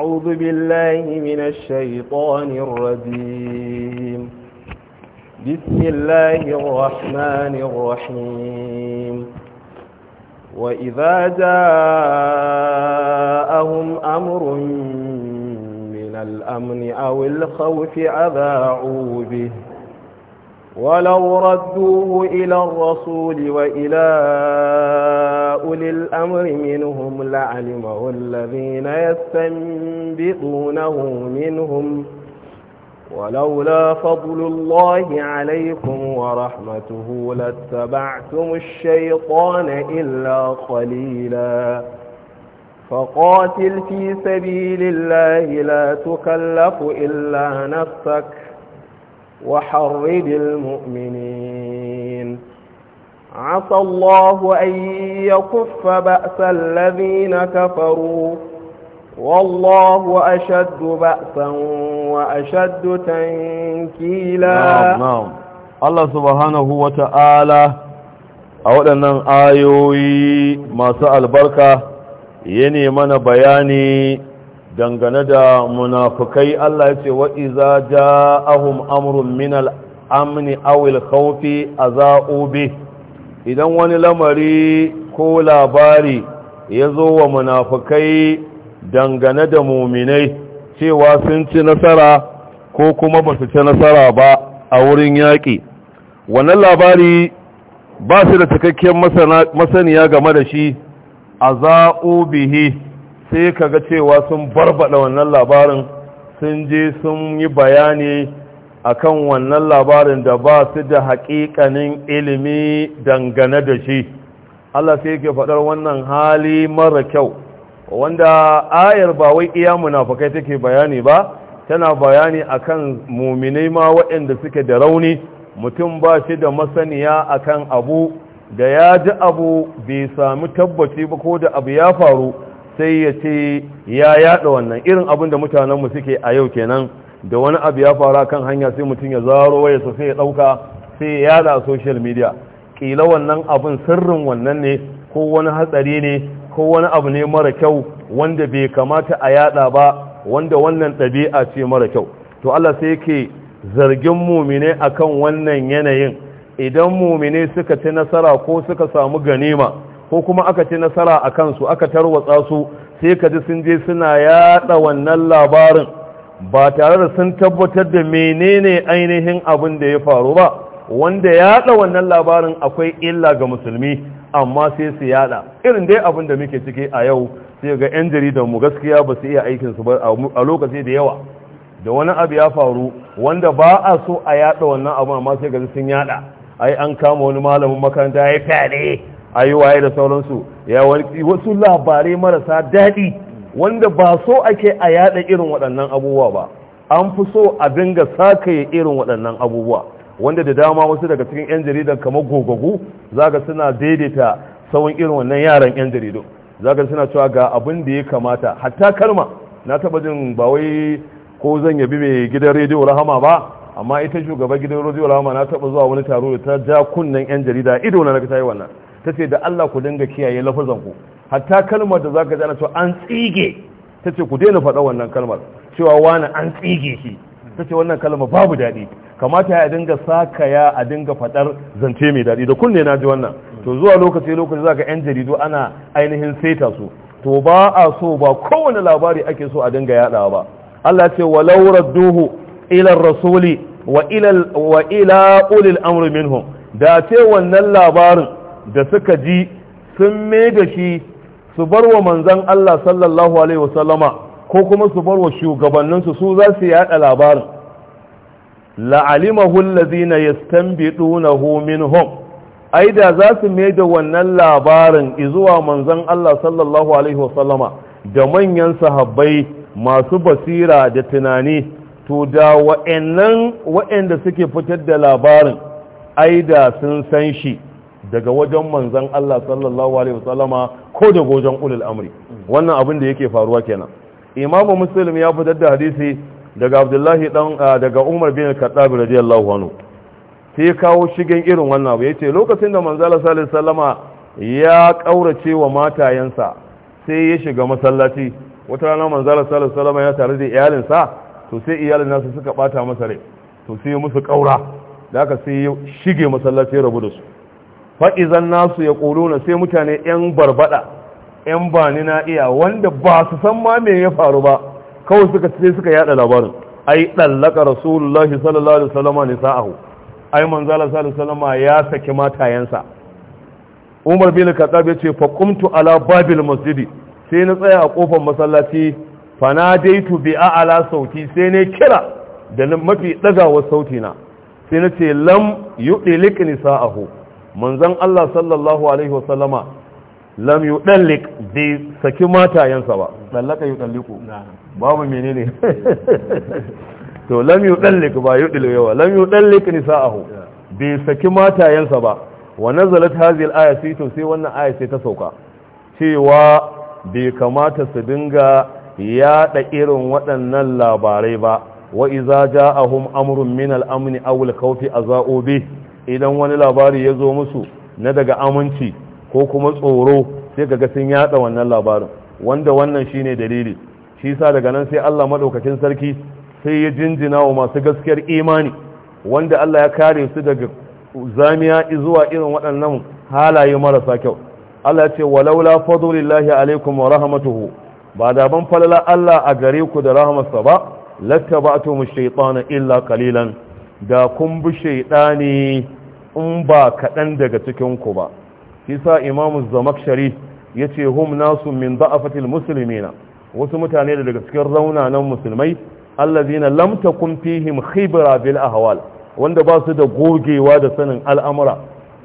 أعوذ بالله من الشيطان الرجيم بسم الله الرحمن الرحيم وإذا جاءهم أمر من الأمن أو الخوف أذاعوا به ولو ردوه إلى الرسول وإلى أولي الأمر منهم لعلمه الذين يستنبطونه منهم ولولا فضل الله عليكم ورحمته لاتبعتم الشيطان إلا قليلا فقاتل في سبيل الله لا تكلف إلا نفسك وحرد المؤمنين عسى الله أن يكف بأس الذين كفروا والله أشد بأسا وأشد تنكيلا نعم نعم الله سبحانه وتعالى أولا آيوي ما سأل بركة يني من بياني dangane da munafukai Allah ya ce wa'iza ja ahun amurin minal amni awil haufi a za'obe idan wani lamari ko labari ya zo wa munafukai dangane da muminai cewa sun ci nasara ko kuma ba su ci nasara ba a wurin yaƙi wannan labari ba su da cikakken masaniya game da shi a za'obihi sai ka ga cewa sun barbada wannan labarin sun je sun yi bayani akan wannan labarin da ba su da haƙiƙanin ilimi dangane da shi Allah sai yake faɗar wannan hali mara kyau wanda ayar ba wai iya munafakai take bayani ba tana bayani akan muminai ma waɗanda suke da rauni mutum ba shi da masaniya akan abu da ya ji abu bai sami tabbaci ba ko da abu ya faru sai ya ce ya yada wannan irin abin da mutanenmu suke a yau kenan da wani abu ya fara kan hanya sai mutum ya zaro waya sai ya dauka sai ya yada a social media kila wannan abin sirrin wannan ne ko wani hatsari ne ko wani abu ne mara kyau wanda bai kamata a yada ba wanda wannan ɗabi'a ce mara kyau to Allah sai yake zargin mumine akan wannan yanayin idan mumine suka ci nasara ko suka samu ganima ko kuma aka ci nasara a kansu aka tarwatsa su sai ka ji sun je suna yada wannan labarin ba tare da sun tabbatar da menene ainihin abin da ya faru ba wanda yada wannan labarin akwai illa ga musulmi amma sai su yada irin dai abin da muke ciki a yau sai ga 'yan jarida mu gaskiya ba su iya aikinsu ba a lokaci da yawa da wani abu ya faru wanda ba a so a yada wannan abu amma sai gaji sun yaɗa. ai an kama wani malamin makaranta ya fyaɗe ayi waye da sauransu ya wani wasu labarai marasa daɗi wanda ba so ake a yada irin waɗannan abubuwa ba an fi so a dinga sakaye irin waɗannan abubuwa wanda da dama wasu daga cikin 'yan jaridan kamar gogogu zaga suna daidaita sauran irin wannan yaran 'yan jaridu zaga suna cewa ga abin da ya kamata hatta kalma na taɓa jin ba wai ko zan yabi mai gidan rediyo rahama ba amma ita shugaba gidan rediyo rahama na taba zuwa wani taro da ta ja kunnen 'yan jarida ido na ta yi wannan ta ce da Allah ku dinga kiyaye lafazan ku hatta kalmar da zaka ka jana cewa an tsige ta ce ku daina faɗa wannan kalmar cewa wani an tsige shi ta ce wannan kalmar babu daɗi kamata ya dinga sakaya a dinga faɗar zance mai daɗi da kunne na ji wannan to zuwa lokaci lokaci za ka 'yan jaridu ana ainihin saita su to ba a so ba kowane labari ake so a dinga yaɗawa ba Allah ce walau radduhu ila rasuli wa ila ulil amri minhum da ce wannan labarin da suka ji sun mai da shi su bar wa manzan Allah sallallahu alaihi wasallama ko kuma su bar wa shugabanninsu su za su yada labarin la'alimahu allazina yastanbidunahu minhum ai da za su mai da wannan labarin izuwa manzan Allah sallallahu alaihi wasallama da manyan sahabbai masu basira da tunani to da wa'annan wa'anda suke fitar da labarin ai da sun san shi daga wajen manzan Allah sallallahu alaihi wasallama ko da wajen ulul amri wannan abin da yake faruwa kenan imamu muslim ya fitar da hadisi daga abdullahi dan daga umar bin al-khattab radiyallahu anhu sai ya kawo shigen irin wannan abu yace lokacin da manzala sallallahu alaihi wasallama ya kaurace wa matayensa sai ya shiga masallaci wata rana manzala sallallahu alaihi wasallama ya tare da iyalinsa to sai iyalin nasu suka bata masa rai to sai musu kaura da aka sai shige masallaci rabu da su fa'izan nasu ya ƙorona sai mutane 'yan barbada 'yan bani na iya wanda ba su san ma me ya faru ba kawai suka sai suka yada labarin ai ɗallaka rasulullahi sallallahu alaihi wasallama ne sa'ahu ai manzala sallallahu alaihi ya saki matayensa umar bin katsab ya ce fa qumtu ala babil masjidi sai na tsaya a kofar masallaci fa nadaitu bi a'la sauti sai ne kira da mafi dagawar sauti na sai na ce lam yudilik nisa'ahu manzon Allah sallallahu alaihi wasallama lam yudallik bai saki matayensa ba dallaka yudalliku babu menene to lam yudallik ba yudilu yawa lam nisa nisa'ahu bai saki matayensa ba wa nazalat hadhihi al-aya sai to sai wannan aya sai ta sauka cewa bai kamata su dinga yada irin waɗannan labarai ba wa iza ja'ahum amrun min al-amni aw al-khawfi aza'u bihi idan wani labari ya zo musu na daga aminci ko kuma tsoro sai ga sun yada wannan labarin wanda wannan shine dalili shi sa daga nan sai Allah madaukakin sarki sai ya jinjina wa masu gaskiyar imani wanda Allah ya kare su daga zamiya zuwa irin waɗannan halaye marasa kyau Allah ya ce walaula fadlillahi alaikum wa rahmatuhu ba da ban falala Allah a gare ku da rahmatsa ba lattaba'tum ash-shaytana illa qalilan da kun bi shaidani in ba kaɗan daga cikinku ba shi sa imamu zamakshari ya ce hum nasu min da'afatil musulmina wasu mutane da daga cikin raunanan musulmai allazina lam takun fihim khibra bil ahwal wanda ba su da gogewa da sanin al'amura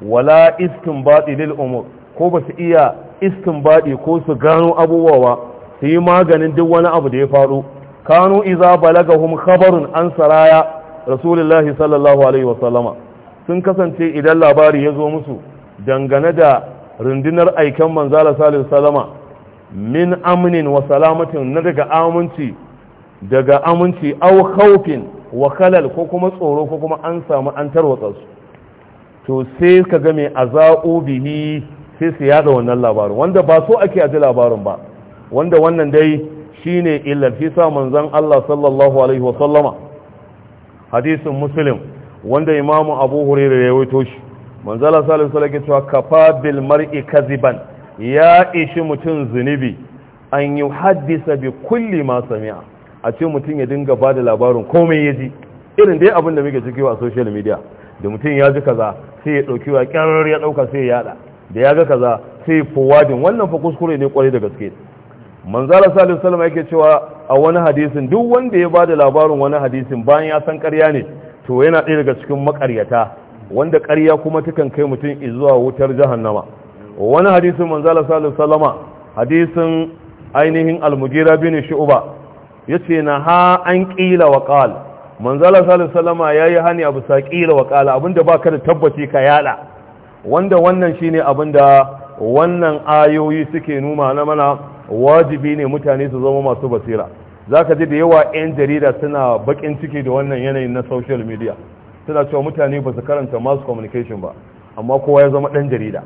wala iskin baɗi lil umur ko ba su iya iskin baɗi ko su gano abubuwa ba su yi maganin duk wani abu da ya faru kanu iza balagahum khabarun an saraya rasulullahi sallallahu alaihi wasallama sun kasance idan labari ya zo musu dangane da rundunar aikan manzala salisu salama min aminin wa salamatin na daga aminci daga aminci au khawfin wa kalal ko kuma tsoro ko kuma an samu an tarwatsa su to sai ka ga mai azau bihi sai su yada wannan labarin wanda ba so ake ji labarin ba wanda wannan dai shine illar fi sa manzon Allah sallallahu alaihi wa sallama hadisin muslim wanda imamu abu hurairu ya wato shi manzala salisu salake cewa kafa bil mar'i kaziban ya ishi mutum zunubi an yi haddisa bi kulli ma sami'a a ce mutum ya dinga ba da labarin komai ya ji irin dai abin da muke ciki a social media da mutum ya ji kaza sai ya ɗauki wa ƙyarar ya ɗauka sai ya yada da ya ga kaza sai fowadin wannan fa kuskure ne kwarai da gaske manzala salisu salama yake cewa a wani hadisin duk wanda ya bada labarin wani hadisin bayan ya san ƙarya ne to yana ɗaya daga cikin makaryata wanda ƙarya kuma takan kai mutum zuwa wutar jahannama wani hadisin manzala sallallahu salama hadisin ainihin almugira bin shu'ba yace na ha an qila wa qal manzala sallallahu salama yayi hani abu sa qila wa qala abinda baka da tabbaci ka yada wanda wannan shine abinda wannan ayoyi suke numa na mana wajibi ne mutane su zama masu basira za ka ji da yawa 'yan jarida suna bakin ciki da wannan yanayin na social media suna cewa mutane ba su karanta mass communication ba amma kowa ya zama ɗan jarida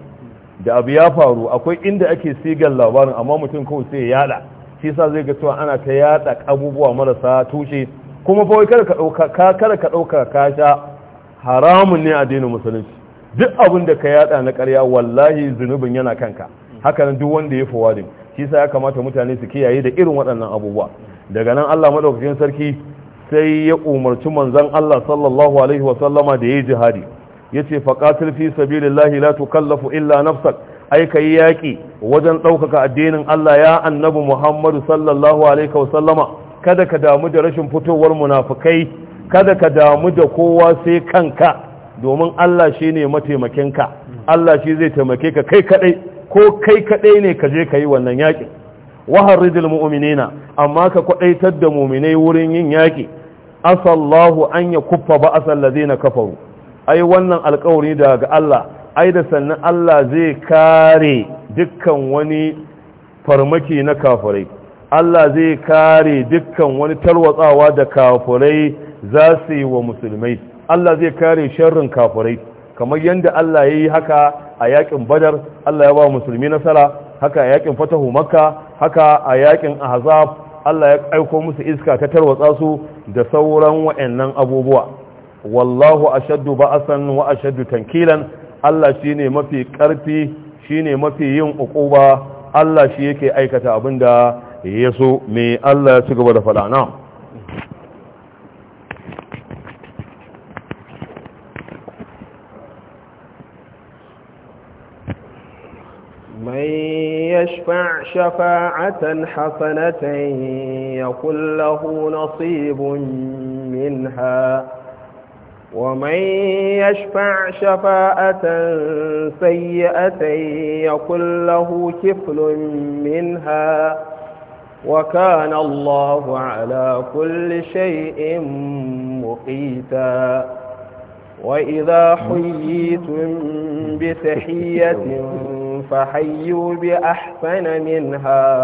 da abu ya faru akwai inda ake sigar labarin amma mutum kawai sai yada shi sa zai ga cewa ana ta yada abubuwa marasa tushe kuma fa kada ka dauka ka kada ka dauka ka sha haramun ne addinin musulunci duk abin da ka yada na karya wallahi zunubin yana kanka haka duk wanda ya fawadin shi sa ya kamata mutane su kiyaye da irin waɗannan abubuwa daga nan Allah madaukakin sarki sai ya umarci manzon Allah sallallahu alaihi wa sallama da yayi jihadi yace faqatil fi sabilillahi la tukallafu illa nafsak ai kai yaki wajen daukaka addinin Allah ya annabi Muhammad sallallahu alaihi wa sallama kada ka damu da rashin fitowar munafikai kada ka damu da kowa sai kanka domin Allah shine ka Allah shi zai taimake ka kai kadai ko kai kaɗai ne ka je ka yi wannan yaƙin waharrijil mu'minina amma ka kwaɗaitar da muminai wurin yin yaƙi asallahu an ya kuffa ba na kafaru ai wannan alkawari daga Allah ai da sannan Allah zai kare dukkan wani farmaki na kafurai. Allah zai kare dukkan wani tarwatsawa da kafurai za su yi wa musulmai Allah zai kare sharrin kafurai. kamar yadda Allah ya yi haka a yakin badar Allah ya ba musulmi nasara haka a yakin fatahu makka haka a yakin ahzab Allah ya aiko musu iska ta tarwatsa su da sauran wa'annan abubuwa wallahu ashaddu ba'san wa ashaddu tankilan Allah shine mafi karfi shine mafi yin uquba Allah shi yake aikata abinda yaso me Allah ya ci gaba da fada na'am من يشفع شفاعة حسنة يكن له نصيب منها ومن يشفع شفاءة سيئة يكن له كفل منها وكان الله على كل شيء مقيتاً وإذا حييتم بتحية فحيوا بأحسن منها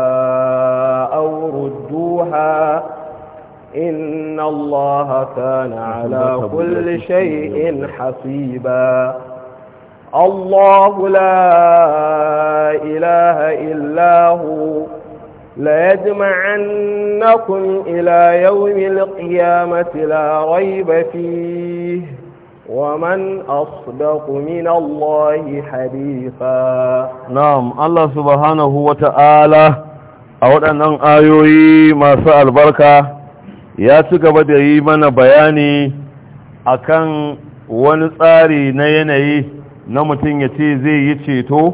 أو ردوها إن الله كان على كل شيء حسيبا الله لا إله إلا هو ليجمعنكم إلى يوم القيامة لا ريب فيه ومن أصدق من الله حديثا نعم الله سبحانه وتعالى أولا آيوي ما سأل بركة ya ci gaba da yi mana bayani akan wani tsari na yanayi na mutum ya ce zai yi ceto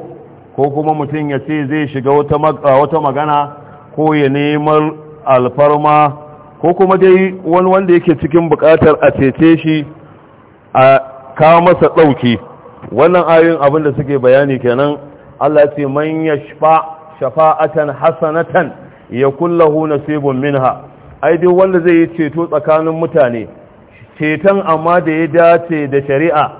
ko kuma mutum ya ce zai shiga wata magana ko ya neman alfarma ko kuma dai wani wanda yake cikin bukatar a cece shi a kawo masa ɗauki wannan ayoyin abin da suke bayani kenan Allah ce man ya shafa'atan hasanatan ya kullahu nasibun minha ai duk wanda zai yi ceto tsakanin mutane ceton amma da ya dace da shari'a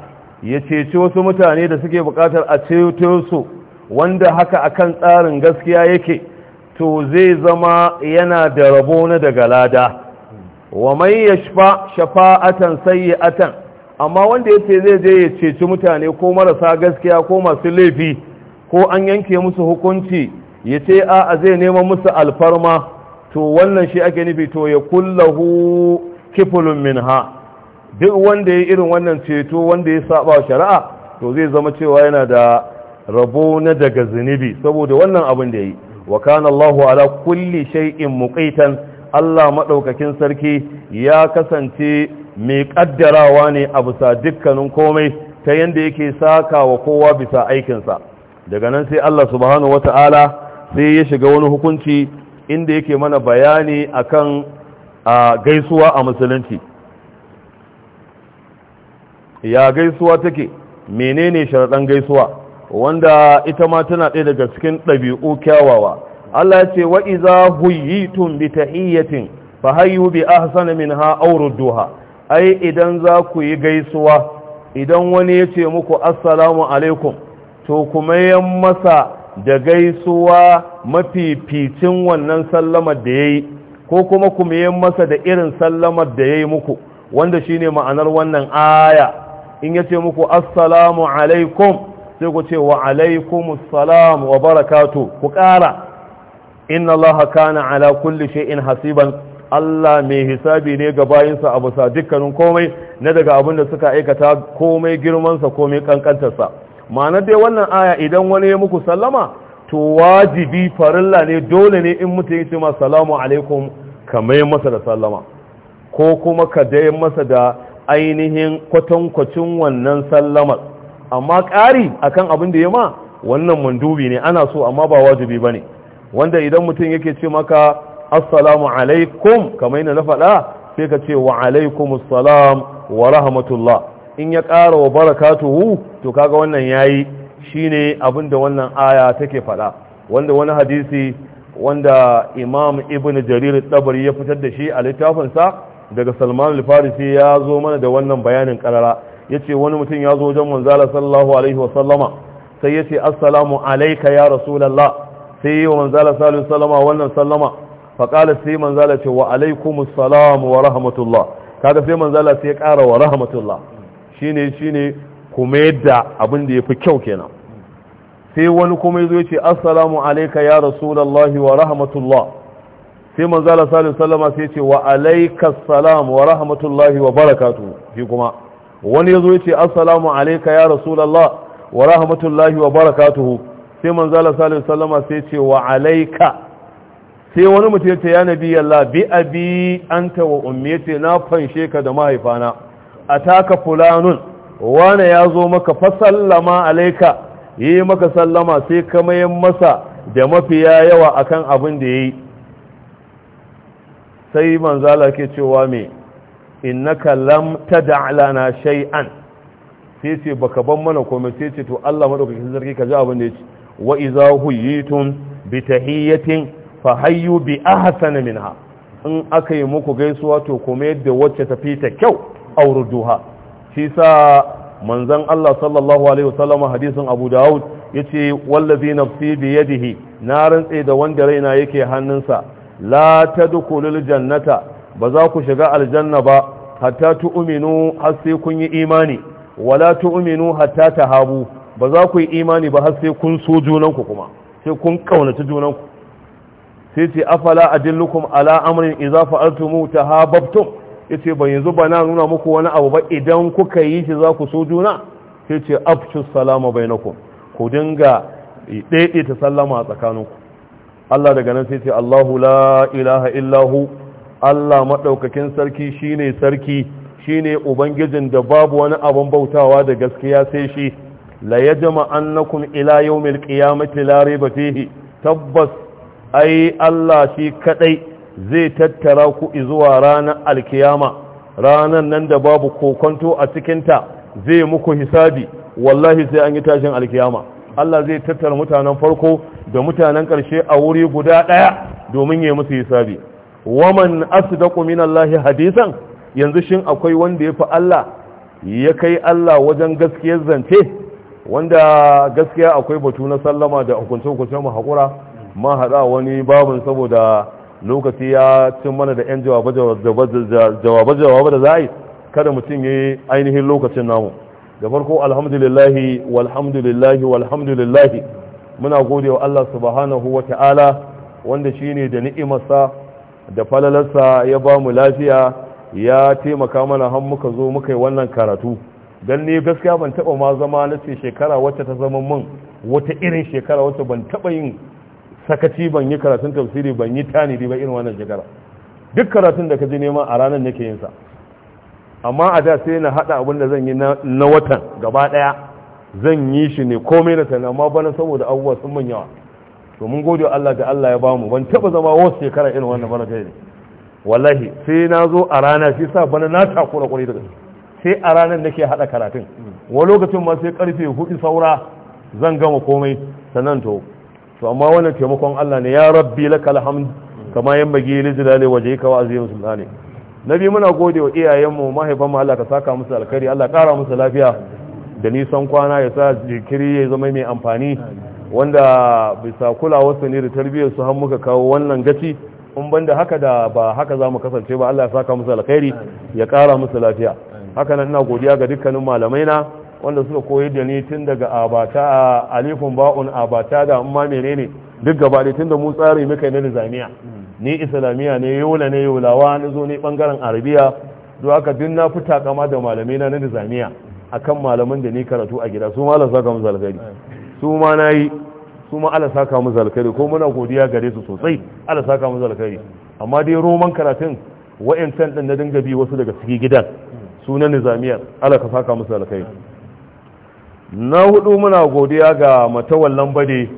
ya ceci wasu mutane da suke bukatar a ceto su wanda haka akan tsarin gaskiya yake to zai zama yana da rabo na daga lada wa man yashfa shafa'atan sayyi'atan amma wanda ya ce zai je ya ceci mutane ko marasa gaskiya ko masu laifi ko an yanke musu hukunci ya ce a zai nema musu alfarma to wannan shi ake nufi to ya kullahu kifulun ha duk wanda ya irin wannan ceto wanda ya saba shari'a to zai zama cewa yana da rabo na daga zunubi saboda wannan abin da yi wa kana Allahu ala kulli shay'in muqitan Allah madaukakin sarki ya kasance mai kaddarawa ne a bisa dukkanin komai ta yadda yake saka wa kowa bisa aikinsa daga nan sai Allah subhanahu wata'ala sai ya shiga wani hukunci inda yake mana bayani akan a gaisuwa a musulunci ya gaisuwa take menene sharaɗan gaisuwa wanda ita ma tana ɗaya daga cikin ɗabi'u kyawawa Allah ya ce wa'iza tun bi tahiyyatin fa hayyu bi ahsana minha aw rudduha ai idan za ku yi gaisuwa idan wani ya ce muku assalamu alaikum to kuma yan masa da gaisuwa mafificin wannan sallamar da ya yi ko kuma kuma yan masa da irin sallamar da ya yi muku wanda shi ne ma'anar wannan aya in ya ce muku assalamu alaikum sai ku ce wa salam wa barakatu ku ƙara inna allaha kana ala kulli shay'in hasiban Allah mai hisabi ne ga bayinsa a bisa dukkanin komai na daga abin da suka aikata komai girmansa komai kankantarsa ma'ana dai wannan aya idan wani ya muku sallama to wajibi farilla ne dole ne in mutum ya ce ma salamu alaikum ka mai masa da sallama ko kuma ka dai masa da ainihin kwatankwacin wannan sallamar amma ƙari akan abin da ya ma wannan mandubi ne ana so amma ba wajibi ba ne wanda idan mutum yake ce maka assalamu alaikum kamar yana na faɗa sai ka ce wa alaikum assalam wa rahmatullah in ya ƙara wa barakatuhu to kaga wannan yayi shine abin da wannan aya take faɗa wanda wani hadisi wanda imam ibn jarir tabari ya fitar da shi a littafinsa daga salman al-farisi ya zo mana da wannan bayanin karara ce wani mutum ya zo wajen manzala sallallahu alaihi wa sallama sai ce assalamu alaika ya rasulallah sai yi wa manzala sallallahu alaihi wa sallama wannan sallama faƙalar sai manzala ce wa alaikumus salam wa rahmatullah kaga sai manzala sai ya ƙara wa rahmatullah shine shine kuma yadda abin da ya fi kyau kenan sai wani kuma ya zo ya ce assalamu alaika ya rasulallahi wa rahmatullah sai manzala salihu sallama sai ce wa alaika salam wa rahmatullahi wa barakatu shi kuma wani ya zo ya ce assalamu alaika ya rasulallah wa rahmatullahi wa barakatuhu sai manzala salihu sallama sai ce wa alaika sai wani mutum ya yana ya nabi bi abi anta wa ummi na fanshe ka da mahaifana a ataka fulanun wane ya zo maka fa sallama alaika yi maka sallama sai ka mayan masa da mafiya yawa akan abin da yayi sai manzala ke cewa me innaka lam tad'a lana shay'an sai ce baka ban mana komai sai ce to Allah madaukakin sarki ka ji abin da yace wa idza huyitum bi tahiyatin fa bi ahsana minha in aka yi muku gaisuwa to kuma yadda wacce tafi ta fita kyau duha shi sa manzon Allah sallallahu alaihi wasallam hadisin Abu Dawud yace wallazi nafsi bi yadihi na rantse da wanda raina yake hannunsa la tadkhulul jannata ba za ku shiga aljanna ba hatta tu'minu har sai kun yi imani wala tu'minu hatta tahabu ba za ku yi imani ba har sai kun so junanku kuma sai kun kaunaci junanku sai ce afala adillukum ala amrin idza fa'altum tahabbtum yace ban yanzu bana nuna muku wani abu ba idan kuka yi shi za ku so juna sai ce afshu salama bainakum ku dinga ta sallama a tsakaninku Allah daga nan sai ce Allahu la ilaha illahu Allah madaukakin sarki shine sarki shine ubangijin da babu wani abun bautawa da gaskiya sai shi la yajma annakum ila yawmil qiyamati la ba fihi tabbas ai Allah shi kadai zai tattara ku zuwa ranar alkiyama ranar nan da babu kokonto a cikinta zai muku hisabi wallahi sai an yi tashin alkiyama Allah zai tattara mutanen farko da mutanen ƙarshe a wuri guda ɗaya domin ya musu hisabi waman asdaqu minallahi hadisan yanzu shin akwai wanda ya fi Allah ya kai Allah wajen gaskiyar zance wanda gaskiya akwai batu na sallama da hukunce-hukunce mu hakura ma haɗa wani babin saboda lokaci ya cin mana da 'yan jawabe-jawabe da za a yi kada mutum ya yi ainihin lokacin namu da farko alhamdulillahi walhamdulillahi walhamdulillahi muna gode wa Allah subhanahu wa ta'ala wanda shi ne da ni'imarsa da falalarsa ya ba mu lafiya ya taimaka mana har muka zo muka yi wannan karatu don ne gaskiya ban taɓa ma zama na ce shekara wacce ta zama min wata irin shekara wacce ban taɓa yin sakaci ban yi karatun tafsiri ban yi tani ba irin wannan shekara duk karatun da ka ji nema a ranar nake yin amma a da sai na hada abin da zan yi na watan gaba daya zan yi shi ne komai da tana amma bana saboda abubuwa sun mun yawa to mun gode Allah da Allah ya bamu ban taba zama wasu shekara irin wannan bana kai ne wallahi sai na zo a rana shi sa bana na takura kwarai da gaske sai a ranar nake hada karatun wani lokacin ma sai karfe hudu saura zan gama komai sanan to to amma wannan taimakon Allah ne ya rabbi lakal hamd kama ni li waje ka wa azim sultani nabi muna gode wa iyayenmu mahaifanmu Allah ka saka musu alkhairi Allah kara musu lafiya da nisan kwana ya sa jikiri ya zama mai amfani wanda bisa kula wasu ne da tarbiyyar su har muka kawo wannan gaci in banda haka da ba haka za mu kasance ba Allah ya saka musu alkhairi ya kara musu lafiya hakanan ina godiya ga dukkanin malamai na wanda suka koyi da ni tun daga abata a alifun ba'un abata da amma menene duk gaba da tun da mu tsari muka yi na nizamiya hmm. ni islamiyya ne yola ne yolawa na zo ne bangaren arabiya don haka duk na fita kama da malamai na nizamiya akan malaman da ni karatu a gida su ma Allah saka mu zalkari hmm. su ma nayi su ma Allah saka mu zalkari ko muna godiya gare su sosai ala saka mu zalkari amma dai roman karatun wa'ancan din na dinga bi wasu daga ciki gidan hmm. sunan nizamiyar ala ka saka mu zalkari na hudu muna godiya ga matawallan bade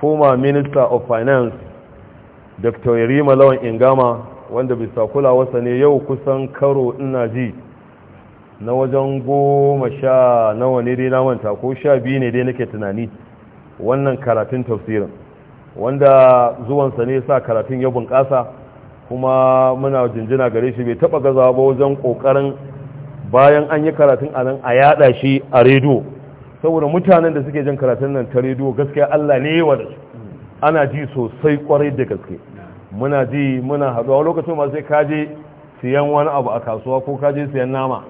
former minister of finance dr yarima lawan ingama wanda bisa kulawarsa ne yau kusan karo ina ji na wajen goma sha nawa ne dai na manta ko sha biyu ne dai nake tunani wannan karatun tafsirin wanda zuwansa ne sa karatun ya bunƙasa kuma muna jinjina gare shi bai taɓa gazawa ba wajen kokarin bayan an yi karatun a nan a yaɗa shi a rediyo saboda mutanen da suke jin karatun nan ta rediyo gaskiya Allah ne yawa da su ana ji sosai kwarai da gaske muna ji muna haɗu a lokacin ma sai kaje siyan wani abu a kasuwa ko kaje siyan nama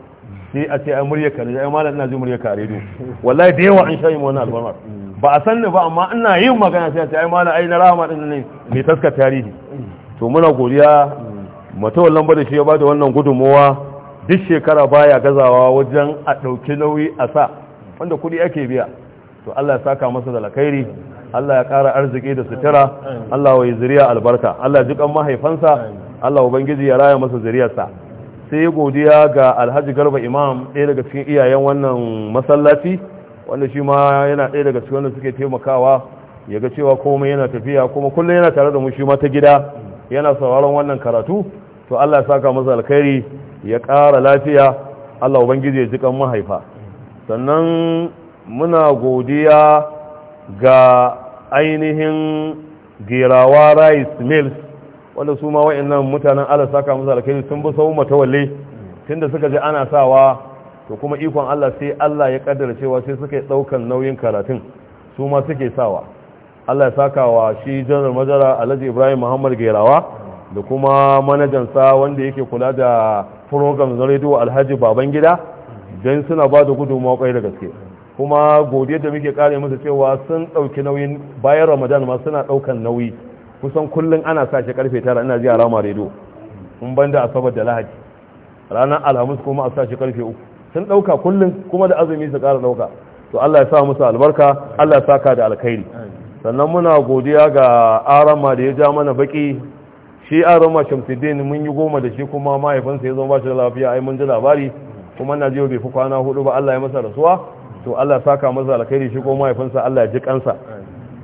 sai a ce ai murya kare ai malam ina ji murya kare do wallahi da yawa an sha yin wannan albarmar ba a sanni ba amma ina yin magana sai a ce ai malam ai na rahama din ne mai taska tarihi to muna godiya matawallan lamba da shi ya bada wannan gudunmowa duk shekara baya gazawa wajen a ɗauki nauyi a sa wanda kudi ake biya to Allah ya saka masa da alkhairi Allah ya kara arziki da sutura Allah ya zuriya albarka Allah ji kan mahaifansa Allah ubangiji ya raya masa zuriyarsa sai godiya ga Alhaji Garba Imam ɗaya daga cikin iyayen wannan masallaci wanda shi ma yana ɗaya daga cikin wanda suke taimakawa ya ga cewa komai yana tafiya kuma kullum yana tare da mu shi ma ta gida yana sauraron wannan karatu to Allah ya saka masa alkhairi ya kara lafiya Allah ubangiji ya ji kan mahaifa sannan muna godiya ga ainihin gerawa rice mills wanda su ma wa'annan mutanen Allah saka musu alkhairi sun bi sau matawalle tunda suka ji ana sawa to kuma ikon Allah sai Allah ya kaddara cewa sai suka yi daukan nauyin karatun su ma suke sawa Allah ya saka wa shi janar majara Alhaji Ibrahim Muhammad Gerawa da kuma manajansa wanda yake kula da program na radio Alhaji Babangida don suna ba da gudunmawa kwaya da gaske kuma godiyar da muke kare masa cewa sun ɗauki nauyin bayan ramadan ma suna ɗaukan nauyi kusan kullum ana sa shi karfe tara ina ji alama redo in da asabar da lahadi ranar alhamis kuma a sa shi karfe uku sun ɗauka kullum kuma da azumi su ƙara ɗauka to allah ya sa musu albarka allah ya sa ka da alkhairi sannan muna godiya ga arama da ya ja mana baki shi arama shamsuddin mun yi goma da shi kuma mahaifinsa ya zama ba shi da lafiya ai mun ji labari kuma na jiyo bai fi kwana hudu ba Allah ya masa rasuwa to Allah saka masa alkhairi shi ko mahaifinsa Allah ya ji kansa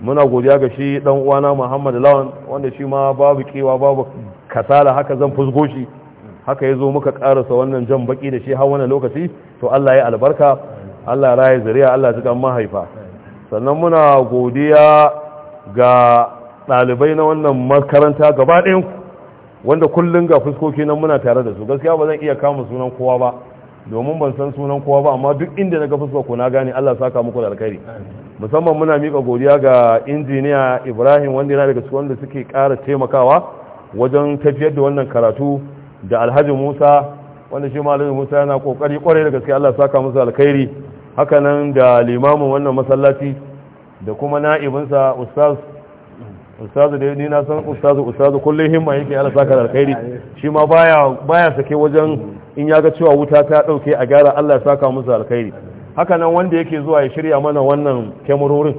muna godiya ga shi dan uwana Muhammad Lawan wanda shi ma babu kewa babu kasala haka zan fusgo shi haka yazo muka karasa wannan jan baki da shi har wannan lokaci to Allah ya albarka Allah ya raye zuriya Allah ya ji mahaifa sannan muna godiya ga dalibai na wannan makaranta gaba ɗayan wanda kullum ga fuskoki nan muna tare da su gaskiya ba zan iya kama sunan kowa ba domin ban san sunan kowa ba amma duk inda na ga fuskar ku na gane Allah saka muku da alkhairi musamman muna mika godiya ga injiniya Ibrahim wanda yana daga cikin wanda suke ƙara taimakawa wajen tafiyar da wannan karatu da Alhaji Musa wanda shi Alhaji Musa yana kokari kwarai da gaske Allah saka musu alkhairi haka nan da limamin wannan masallaci da kuma na'ibinsa ustaz ustazu da ni na san ustazu ustazu kullum himma yake Allah saka alkhairi shi ma baya baya sake wajen in ya ga cewa wuta ta ɗauke a gyara Allah ya saka musu alkhairi haka nan wanda yake zuwa ya shirya mana wannan kyamarorin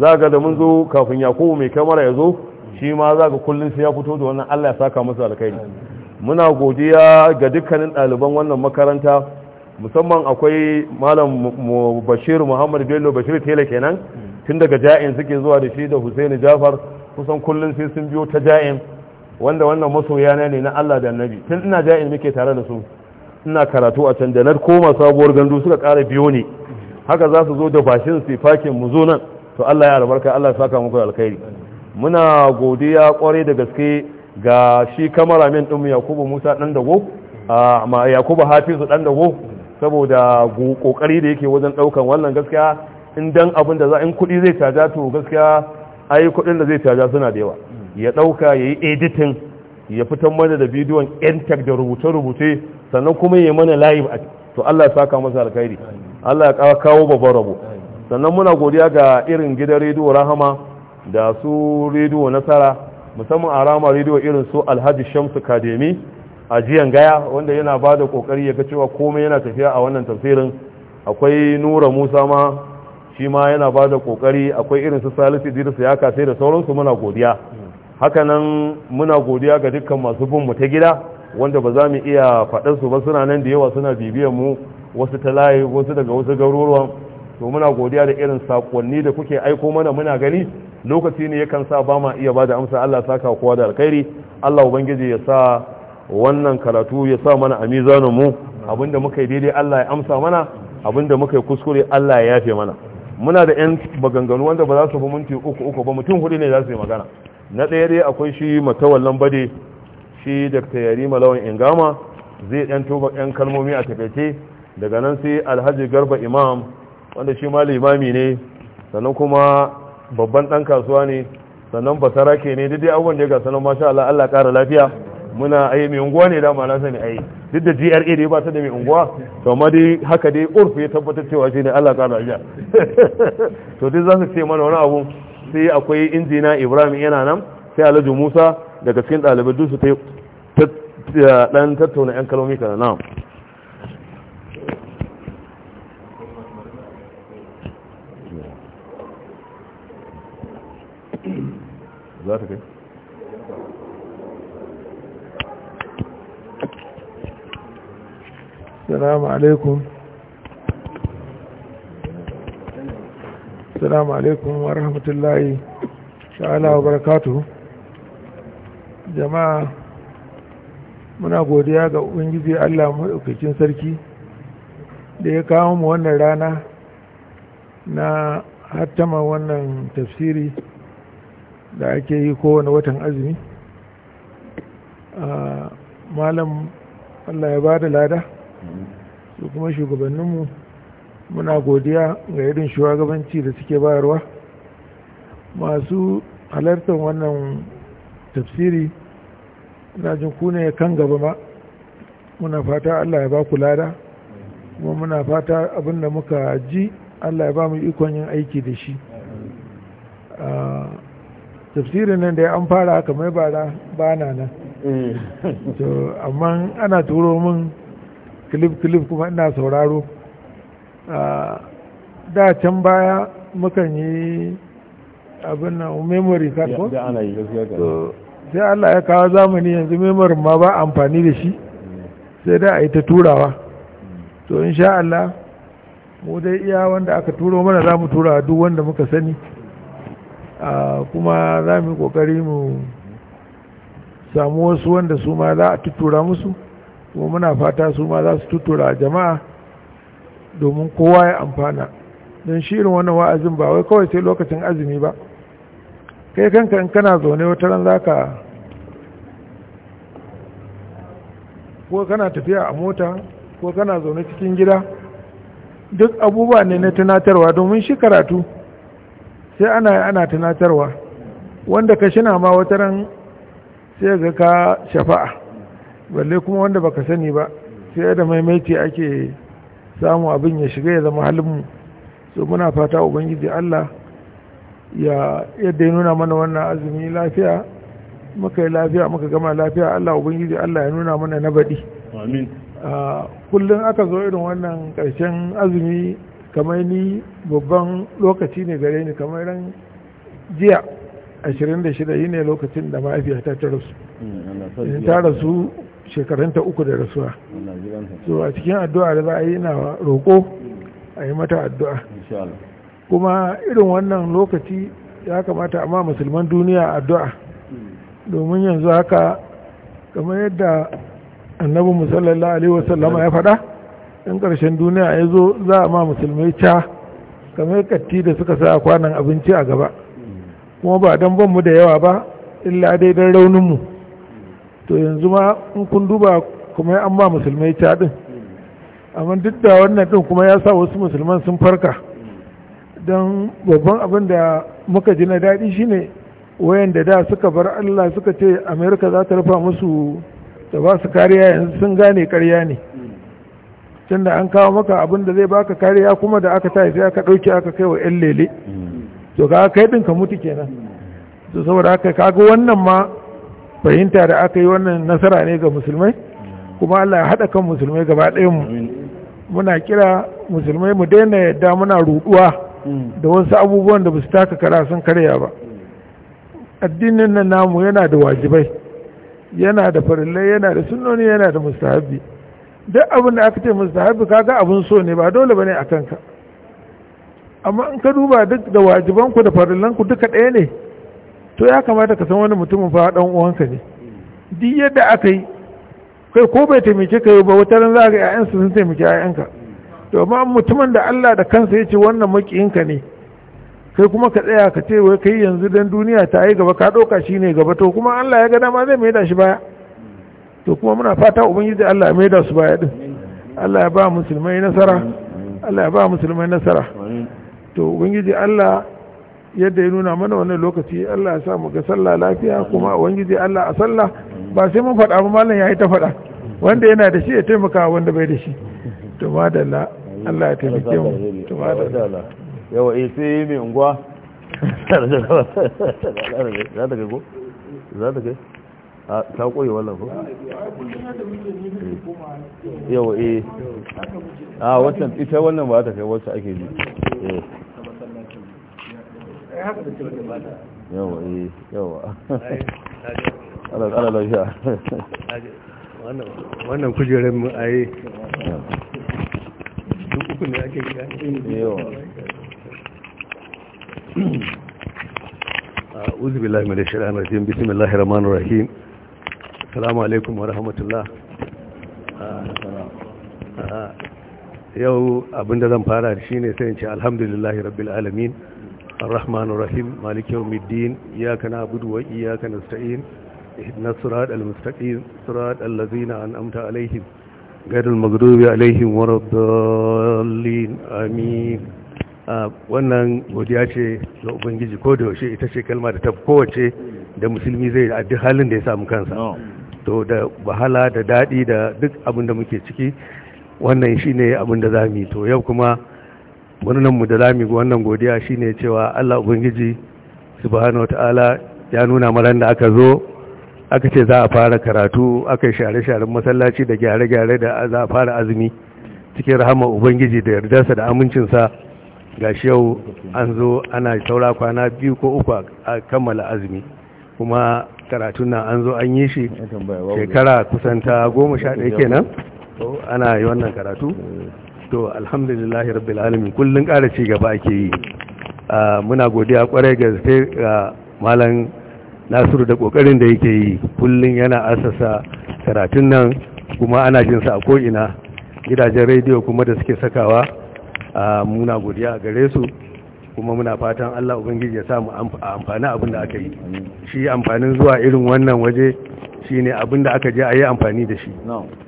za ga da mun zo kafin yakubu mai kyamara ya zo shi ma za ga kullum sai ya fito da wannan Allah ya saka musu alkhairi muna godiya ga dukkanin ɗaliban wannan makaranta musamman akwai malam bashir muhammad bello bashir tela kenan tun daga ja'in suke zuwa da shi da husaini jafar kusan kullum sai sun biyo ta ja'in wanda wannan masoyana ne na allah da annabi tun ina ja'in muke tare da su ina karatu a can da na koma sabuwar gandu suka ƙara biyo ne haka za su zo da bashin su fakin mu zo nan to Allah ya albarka Allah ya saka muku alkhairi muna godiya kware da gaske ga shi min ɗinmu yakubu musa ɗan dago a yakubu hafizu dan dago saboda kokari da yake wajen ɗaukan wannan gaskiya in dan abin da za in kuɗi zai caja to gaskiya ai kuɗin da zai caja suna da yawa ya ɗauka yayi yi ya fitar mana da bidiyon yantar da rubuce-rubuce sannan kuma ya mana a to Allah ya saka masa alkhairi Allah ya kawo babban rabo sannan muna godiya ga irin gidan rediyo rahama da su rediyo nasara musamman a rama rediyo irin su alhaji shamsu kademi a jiyan gaya wanda yana ba da kokari ya ga cewa komai yana tafiya a wannan tafsirin akwai nura musa ma shi ma yana ba da kokari akwai irin su salisu idris ya kasai da sauransu muna godiya Haka nan muna godiya ga dukkan masu bin mu ta gida wanda ba za mu iya faɗansu ba suna nan da yawa suna bibiyar mu wasu ta layi wasu daga wasu garuruwan to muna godiya da irin sakonni da kuke aiko mana muna gani lokaci ne yakan sa ba ma iya ba da amsa Allah saka kowa da alkhairi Allah ubangiji ya sa wannan karatu ya sa mana a mizanin mu abinda muka yi daidai Allah ya amsa mana abinda muka yi kuskure Allah ya yafe mana muna da yan maganganu wanda ba za su fi minti uku uku ba mutum hudu ne za su yi magana na ɗaya dai akwai shi matawallan bade shi dakta yari malawan ingama zai ɗan toba ɗan kalmomi a takaice daga nan sai alhaji garba imam wanda shi mali Imami ne sannan kuma babban ɗan kasuwa ne sannan ke ne duk abubuwan da ya gasa nan masha Allah Allah ƙara lafiya muna ayi mai unguwa ne dama na sani ayi duk da GRA dai ba ta da mai unguwa to amma dai haka dai urfi ya tabbatar cewa shi ne Allah ƙara lafiya to duk za su ce mana wani abu sai akwai injina Ibrahim yana nan sai Alhaji Musa daga cikin ɗalibai dusu ta ta ɗan tattauna 'yan kalmomi kana na za salamu alaikum wa rahmatullahi sha'ala wa barakatuhu jama'a muna godiya ga ubangiji allah maɗaukakin sarki da ya kawo mu wannan rana na hattama wannan tafsiri da ake yi kowane watan azumi malam allah ya ba da lada su kuma shugabanninmu muna godiya ga irin shugabanci da suke bayarwa masu halartar wannan tafsiri na jin ku ne kan gaba ma muna fata Allah ya ba ku lada kuma muna fata Abinda muka ji Allah ya ba mu ikon yin aiki da shi ah, tafsirin nan da ya an fara haka bara ba na nan eh. to amma ana turo min kilif-kilif kuma ina sauraro ah, da can baya mukan yi abin na memory card ko? sai Allah ya kawo zamani yanzu memorin ma ba amfani da shi sai dai a yi ta turawa to in sha Allah mu dai iya wanda aka turo mana za mu tura duk wanda muka sani kuma za mu kokari mu samu wasu wanda su ma za a tuttura musu kuma muna fata su ma za su tuttura jama'a domin kowa ya amfana don shirin wannan wa'azin ba wai kawai sai lokacin azumi ba kai kanka in kana zaune wata ran za ka ko kana tafiya a mota ko kana zaune cikin gida duk abubuwa ne na tunatarwa domin shi karatu sai ana ana tunatarwa wanda ka shina ma wata ran sai ga ka shafa'a balle kuma wanda baka sani ba sai da maimaiti ake samu abin ya shiga ya zama halin mu so muna fata ubangiji Allah ya yadda ya nuna mana wannan azumi lafiya muka yi lafiya muka gama lafiya Allah ubangiji Allah ya nuna mana na baɗi kullum aka zo irin wannan ƙarshen azumi kamar ni babban lokaci ne gare ni kamar ran jiya 26 yi ne lokacin da mahaifiyata ta rasu mm, ta rasu ta uku da rasuwa so a cikin addu'a da za a yi na roƙo a yi mata addu'a kuma irin wannan lokaci ya kamata amma musulman duniya addu'a domin yanzu haka kamar yadda annabi musallallahu alaihi wasallama ya faɗa in karshen duniya ya zo za a ma musulmai ca kamar katti da suka sa kwanan abinci a gaba kuma ba don banmu da yawa ba illa dai don rauninmu to yanzu ma in kun duba kuma an ba musulmai ca din amma duk da wannan din kuma ya sa wasu musulman sun farka don babban abin da muka ji na daɗi shine wayanda da suka bar allah suka ce amerika za ta rufa musu da ba su kariya yanzu sun gane karya ne tunda an kawo maka abin da zai baka kariya kuma da aka tafi aka ɗauke aka kai wa 'yan lele to ka kai ɗin ka mutu kenan to saboda aka kaga wannan ma fahimta da aka yi wannan nasara ne ga musulmai kuma Allah ya haɗa kan musulmai gaba ɗayan mu muna kira musulmai mu daina yadda muna ruɗuwa da wasu abubuwan da ba su taka kara sun karya ba addinin nan namu yana da wajibai yana da farillai yana da sunnoni yana da mustahabi duk abin da aka ce mustahabi kaga abin so ne ba dole bane a kanka amma in ka duba duk da wajibanku da farillanku duka ɗaya ne to ya kamata ka san wani mutumin fa dan uwanka ne duk yadda aka yi kai ko bai taimake ka ba wata ran za ga su sun taimake ka. domin mutumin da Allah da kansa ya ce wannan makiyinka ne kai kuma ka tsaya ka ce wai kai yanzu dan duniya ta yi gaba ka ɗauka shi ne gaba to kuma Allah ya ga dama zai da shi baya to kuma muna fata ubangiji Allah ya da su baya din Allah ya ba musulmai nasara Allah ya ba musulmai nasara to ubangiji Allah yadda ya nuna mana wannan lokaci Allah ya sa mu ga sallah lafiya kuma ubangiji Allah a sallah ba sai mun faɗa ba mallan yayi ta faɗa wanda yana da shi ya taimaka wanda bai da shi to madalla Allah ya taimake mu da yawa eh sai mai unguwa za ta gago za ta gai a ta koyi wannan ko eh. yawa eh a wancan ita wannan ba ta kai wacce ake ji eh. yawa eh yawa ala ala lafiya wannan kujerar mu uku ne ake na jim bisimin lahirar manu rahim salamu alaikum wa rahmatullah ah, yau abinda zan fara shi ne sayin ce alhamdulillahi rabbil alamin الرحمن الرحيم مالك يوم الدين إياك نعبد وإياك نستعين إهدنا الصراط المستقيم صراط الذين أنعمت عليهم غير المغضوب عليهم ولا الضالين امين wannan godiya ce ga ubangiji ko da yaushe ita ce kalma da ta kowace da musulmi zai a duk halin da ya samu kansa to da wahala da daɗi da duk abin da muke ciki wannan shine abin da zami to yau kuma wannan da zami wannan godiya shine cewa Allah ubangiji subhanahu ta'ala ya nuna maran da aka zo aka ce za a fara karatu aka yi share-sharen masallaci da gyare-gyare da za a fara azumi cikin rahama ubangiji da yardarsa da amincinsa ga shi yau an zo ana saura kwana biyu ko uku a kammala azumi kuma karatun nan an zo an yi shi shekara kusanta goma sha ɗaya kenan ana yi wannan karatu to alhamdulillah rabbil alamin kullun ƙara ci gaba ake yi ah, muna godiya kwarai ga malam nasiru da kokarin da yake yi kullum yana asasa karatun nan kuma ana sa a ko'ina gidajen rediyo kuma da suke sakawa a muna godiya a gare su kuma muna fatan allah ubangiji ya samu amfani abin da aka yi shi amfanin zuwa irin wannan waje shi ne abin da aka je a yi amfani da shi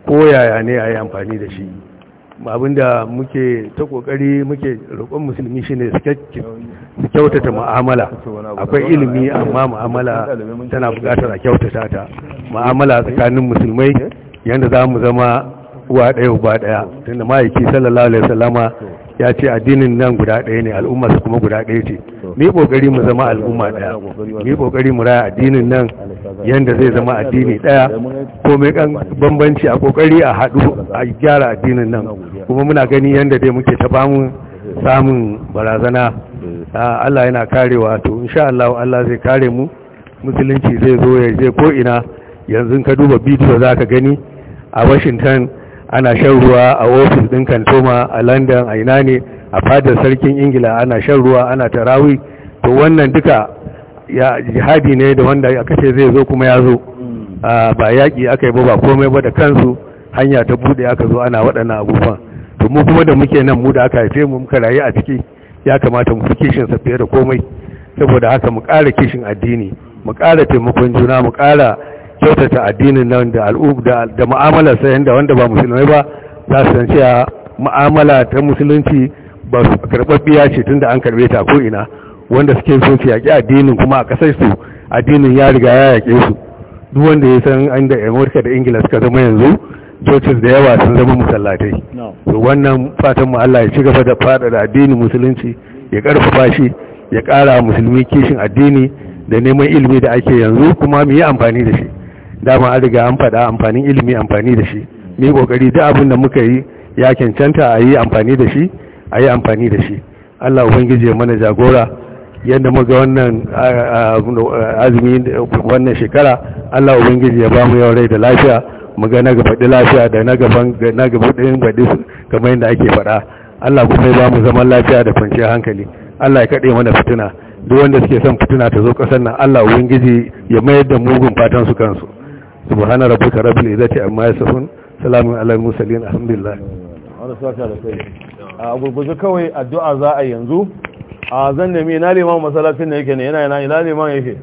ko yaya ne a yi amfani da shi abinda muke ta kokari muke roƙon musulmi shine su kyautata mu'amala akwai ilimi amma mu'amala tana buƙatar a kyautata ta mu'amala tsakanin musulmai yanda za mu zama uwa ɗaya uba ɗaya tunda ma'aiki sallallahu alaihi wasallama ya ce addinin nan guda ɗaya ne al'umma su kuma guda ɗaya ce mu yi kokari mu zama al'umma daya mu kokari mu raya addinin nan yanda zai zama addini daya mai kan bambanci a kokari a haɗu a gyara addinin nan kuma muna gani yanda dai muke ta bamu samun barazana Allah yana karewa to insha Allah Allah zai kare mu musulunci zai zo ya je ko ina yanzu ka duba bidiyo zaka gani a Washington ana shan ruwa a ofis ɗin kantoma a london a ina ne a fadar sarkin ingila ana shan ruwa ana tarawi to wannan duka ya jihadi ne da wanda aka ce zai zo kuma ya zo hmm. ba yaƙi aka yi ba ba komai ba da kansu hanya ta buɗe aka zo ana waɗannan abubuwan to mu kuma da muke nan mu da aka haife mu muka rayu a ciki ya kamata mu fi kishin sa fiye da komai saboda haka mu ƙara kishin addini mu ƙara taimakon juna mu ƙara kyautata addinin nan da al'ub da mu'amala sayan da wanda ba musulmai ba za su san cewa mu'amala ta musulunci ba su karɓaɓɓiya ce tun da an karɓe ta ko ina wanda suke so su yaƙi addinin kuma a ƙasar su addinin ya riga ya yaƙe su duk wanda ya san an da amurka da ingila suka zama yanzu churches da yawa sun zama musallatai to wannan fatan mu Allah ya ci gaba da faɗaɗa addinin musulunci ya ƙarfafa shi ya ƙara musulmi kishin addini da neman ilimi da ake yanzu kuma mu yi amfani da shi dama an riga an faɗa amfanin ilimi amfani da shi ni kokari duk abin da muka yi ya cancanta a yi amfani da shi a yi amfani da shi Allah ubangije mana jagora yadda muga wannan azumi wannan shekara Allah ubangije ya bamu yawan rai da lafiya mu ga na lafiya da na ga na kamar yadda ake faɗa Allah kuma ya bamu zaman lafiya da kwanciyar hankali Allah ya kaɗe mana fituna duk wanda suke son fituna ta zo ƙasar nan Allah ubangiji ya mayar da mugun fatan su kansu subhana rabbika rabbil izzati amma yasifun salamun alal mursalin alhamdulillah wani saka da kai a gurguje kawai addu'a za a yanzu a zan nemi ina liman masallacin da yake ne yana yana ina liman yake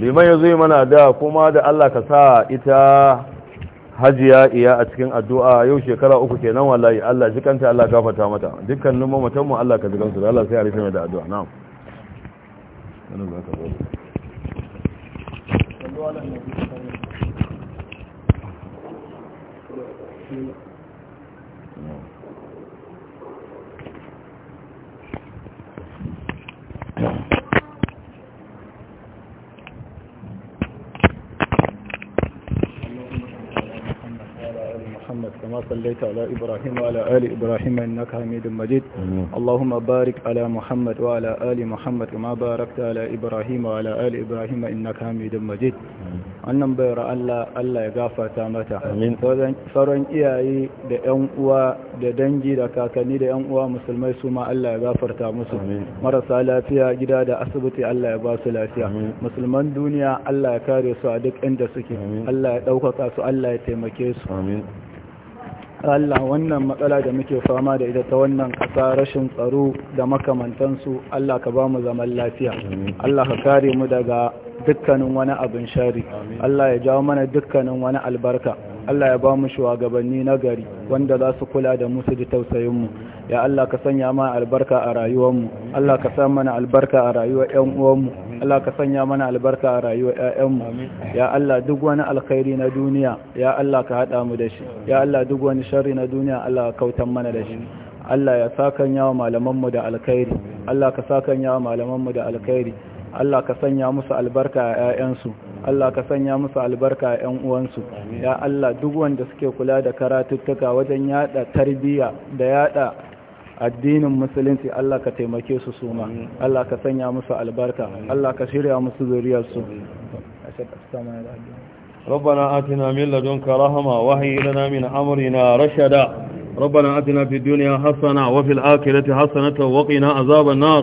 liman ya yi mana da kuma da Allah ka sa ita hajiya iya a cikin addu'a yau shekara uku ke kenan wallahi Allah jikanta Allah gafarta mata dukkanin mamatan mu Allah ka jikansu da Allah sai a rufe mai da addu'a na. Thank you. كما صليت على إبراهيم وعلى آل إبراهيم إنك حميد مجيد اللهم بارك على محمد وعلى آل محمد كما باركت على إبراهيم وعلى آل إبراهيم إنك حميد مجيد annan bayar Allah Allah ya gafata mata sauran iyaye da yan uwa da dangi da kakanni da yan uwa musulmai suma ma Allah ya gafarta musu marasa lafiya gida da asibiti Allah ya ba su lafiya musulman duniya Allah ya kare su a duk inda suke Allah ɗaukaka su Allah ya taimake su Allah wannan matsala da muke fama da ita ta wannan ƙasa rashin tsaro da makamantansu Allah ka ba mu zaman lafiya Allah ka kare mu daga dukkanin wani abin shari Allah ya jawo mana dukkanin wani albarka Allah ya ba mu shugabanni na gari wanda za su kula da mu su ji tausayin mu. ya Allah ka sanya mana albarka a rayuwar mu. Allah ka sanya mana albarka a rayuwar ƴan uwanmu Allah ka sanya mana albarka a rayuwar ƴaƴanmu ya Allah duk wani alkhairi na duniya ya Allah ka hada mu da shi ya Allah duk wani sharri na duniya Allah ka kautan mana da shi Allah ya sakan yawa mu da alkhairi Allah ka sakan yawa mu da alkhairi Allah ka sanya musu albarka a 'ya'yansu Allah ka sanya musu albarka a 'yan ya Allah duk wanda suke kula da karatuttuka wajen yada tarbiyya da yada addinin musulunci Allah ka taimake su suma Allah ka sanya musu albarka Allah ka shirya musu zuriyarsu ربنا آتنا من لدنك رحمة وهي لنا من أمرنا رشدا ربنا آتنا في الدنيا حسنة وفي الآخرة حسنة وقنا عذاب النار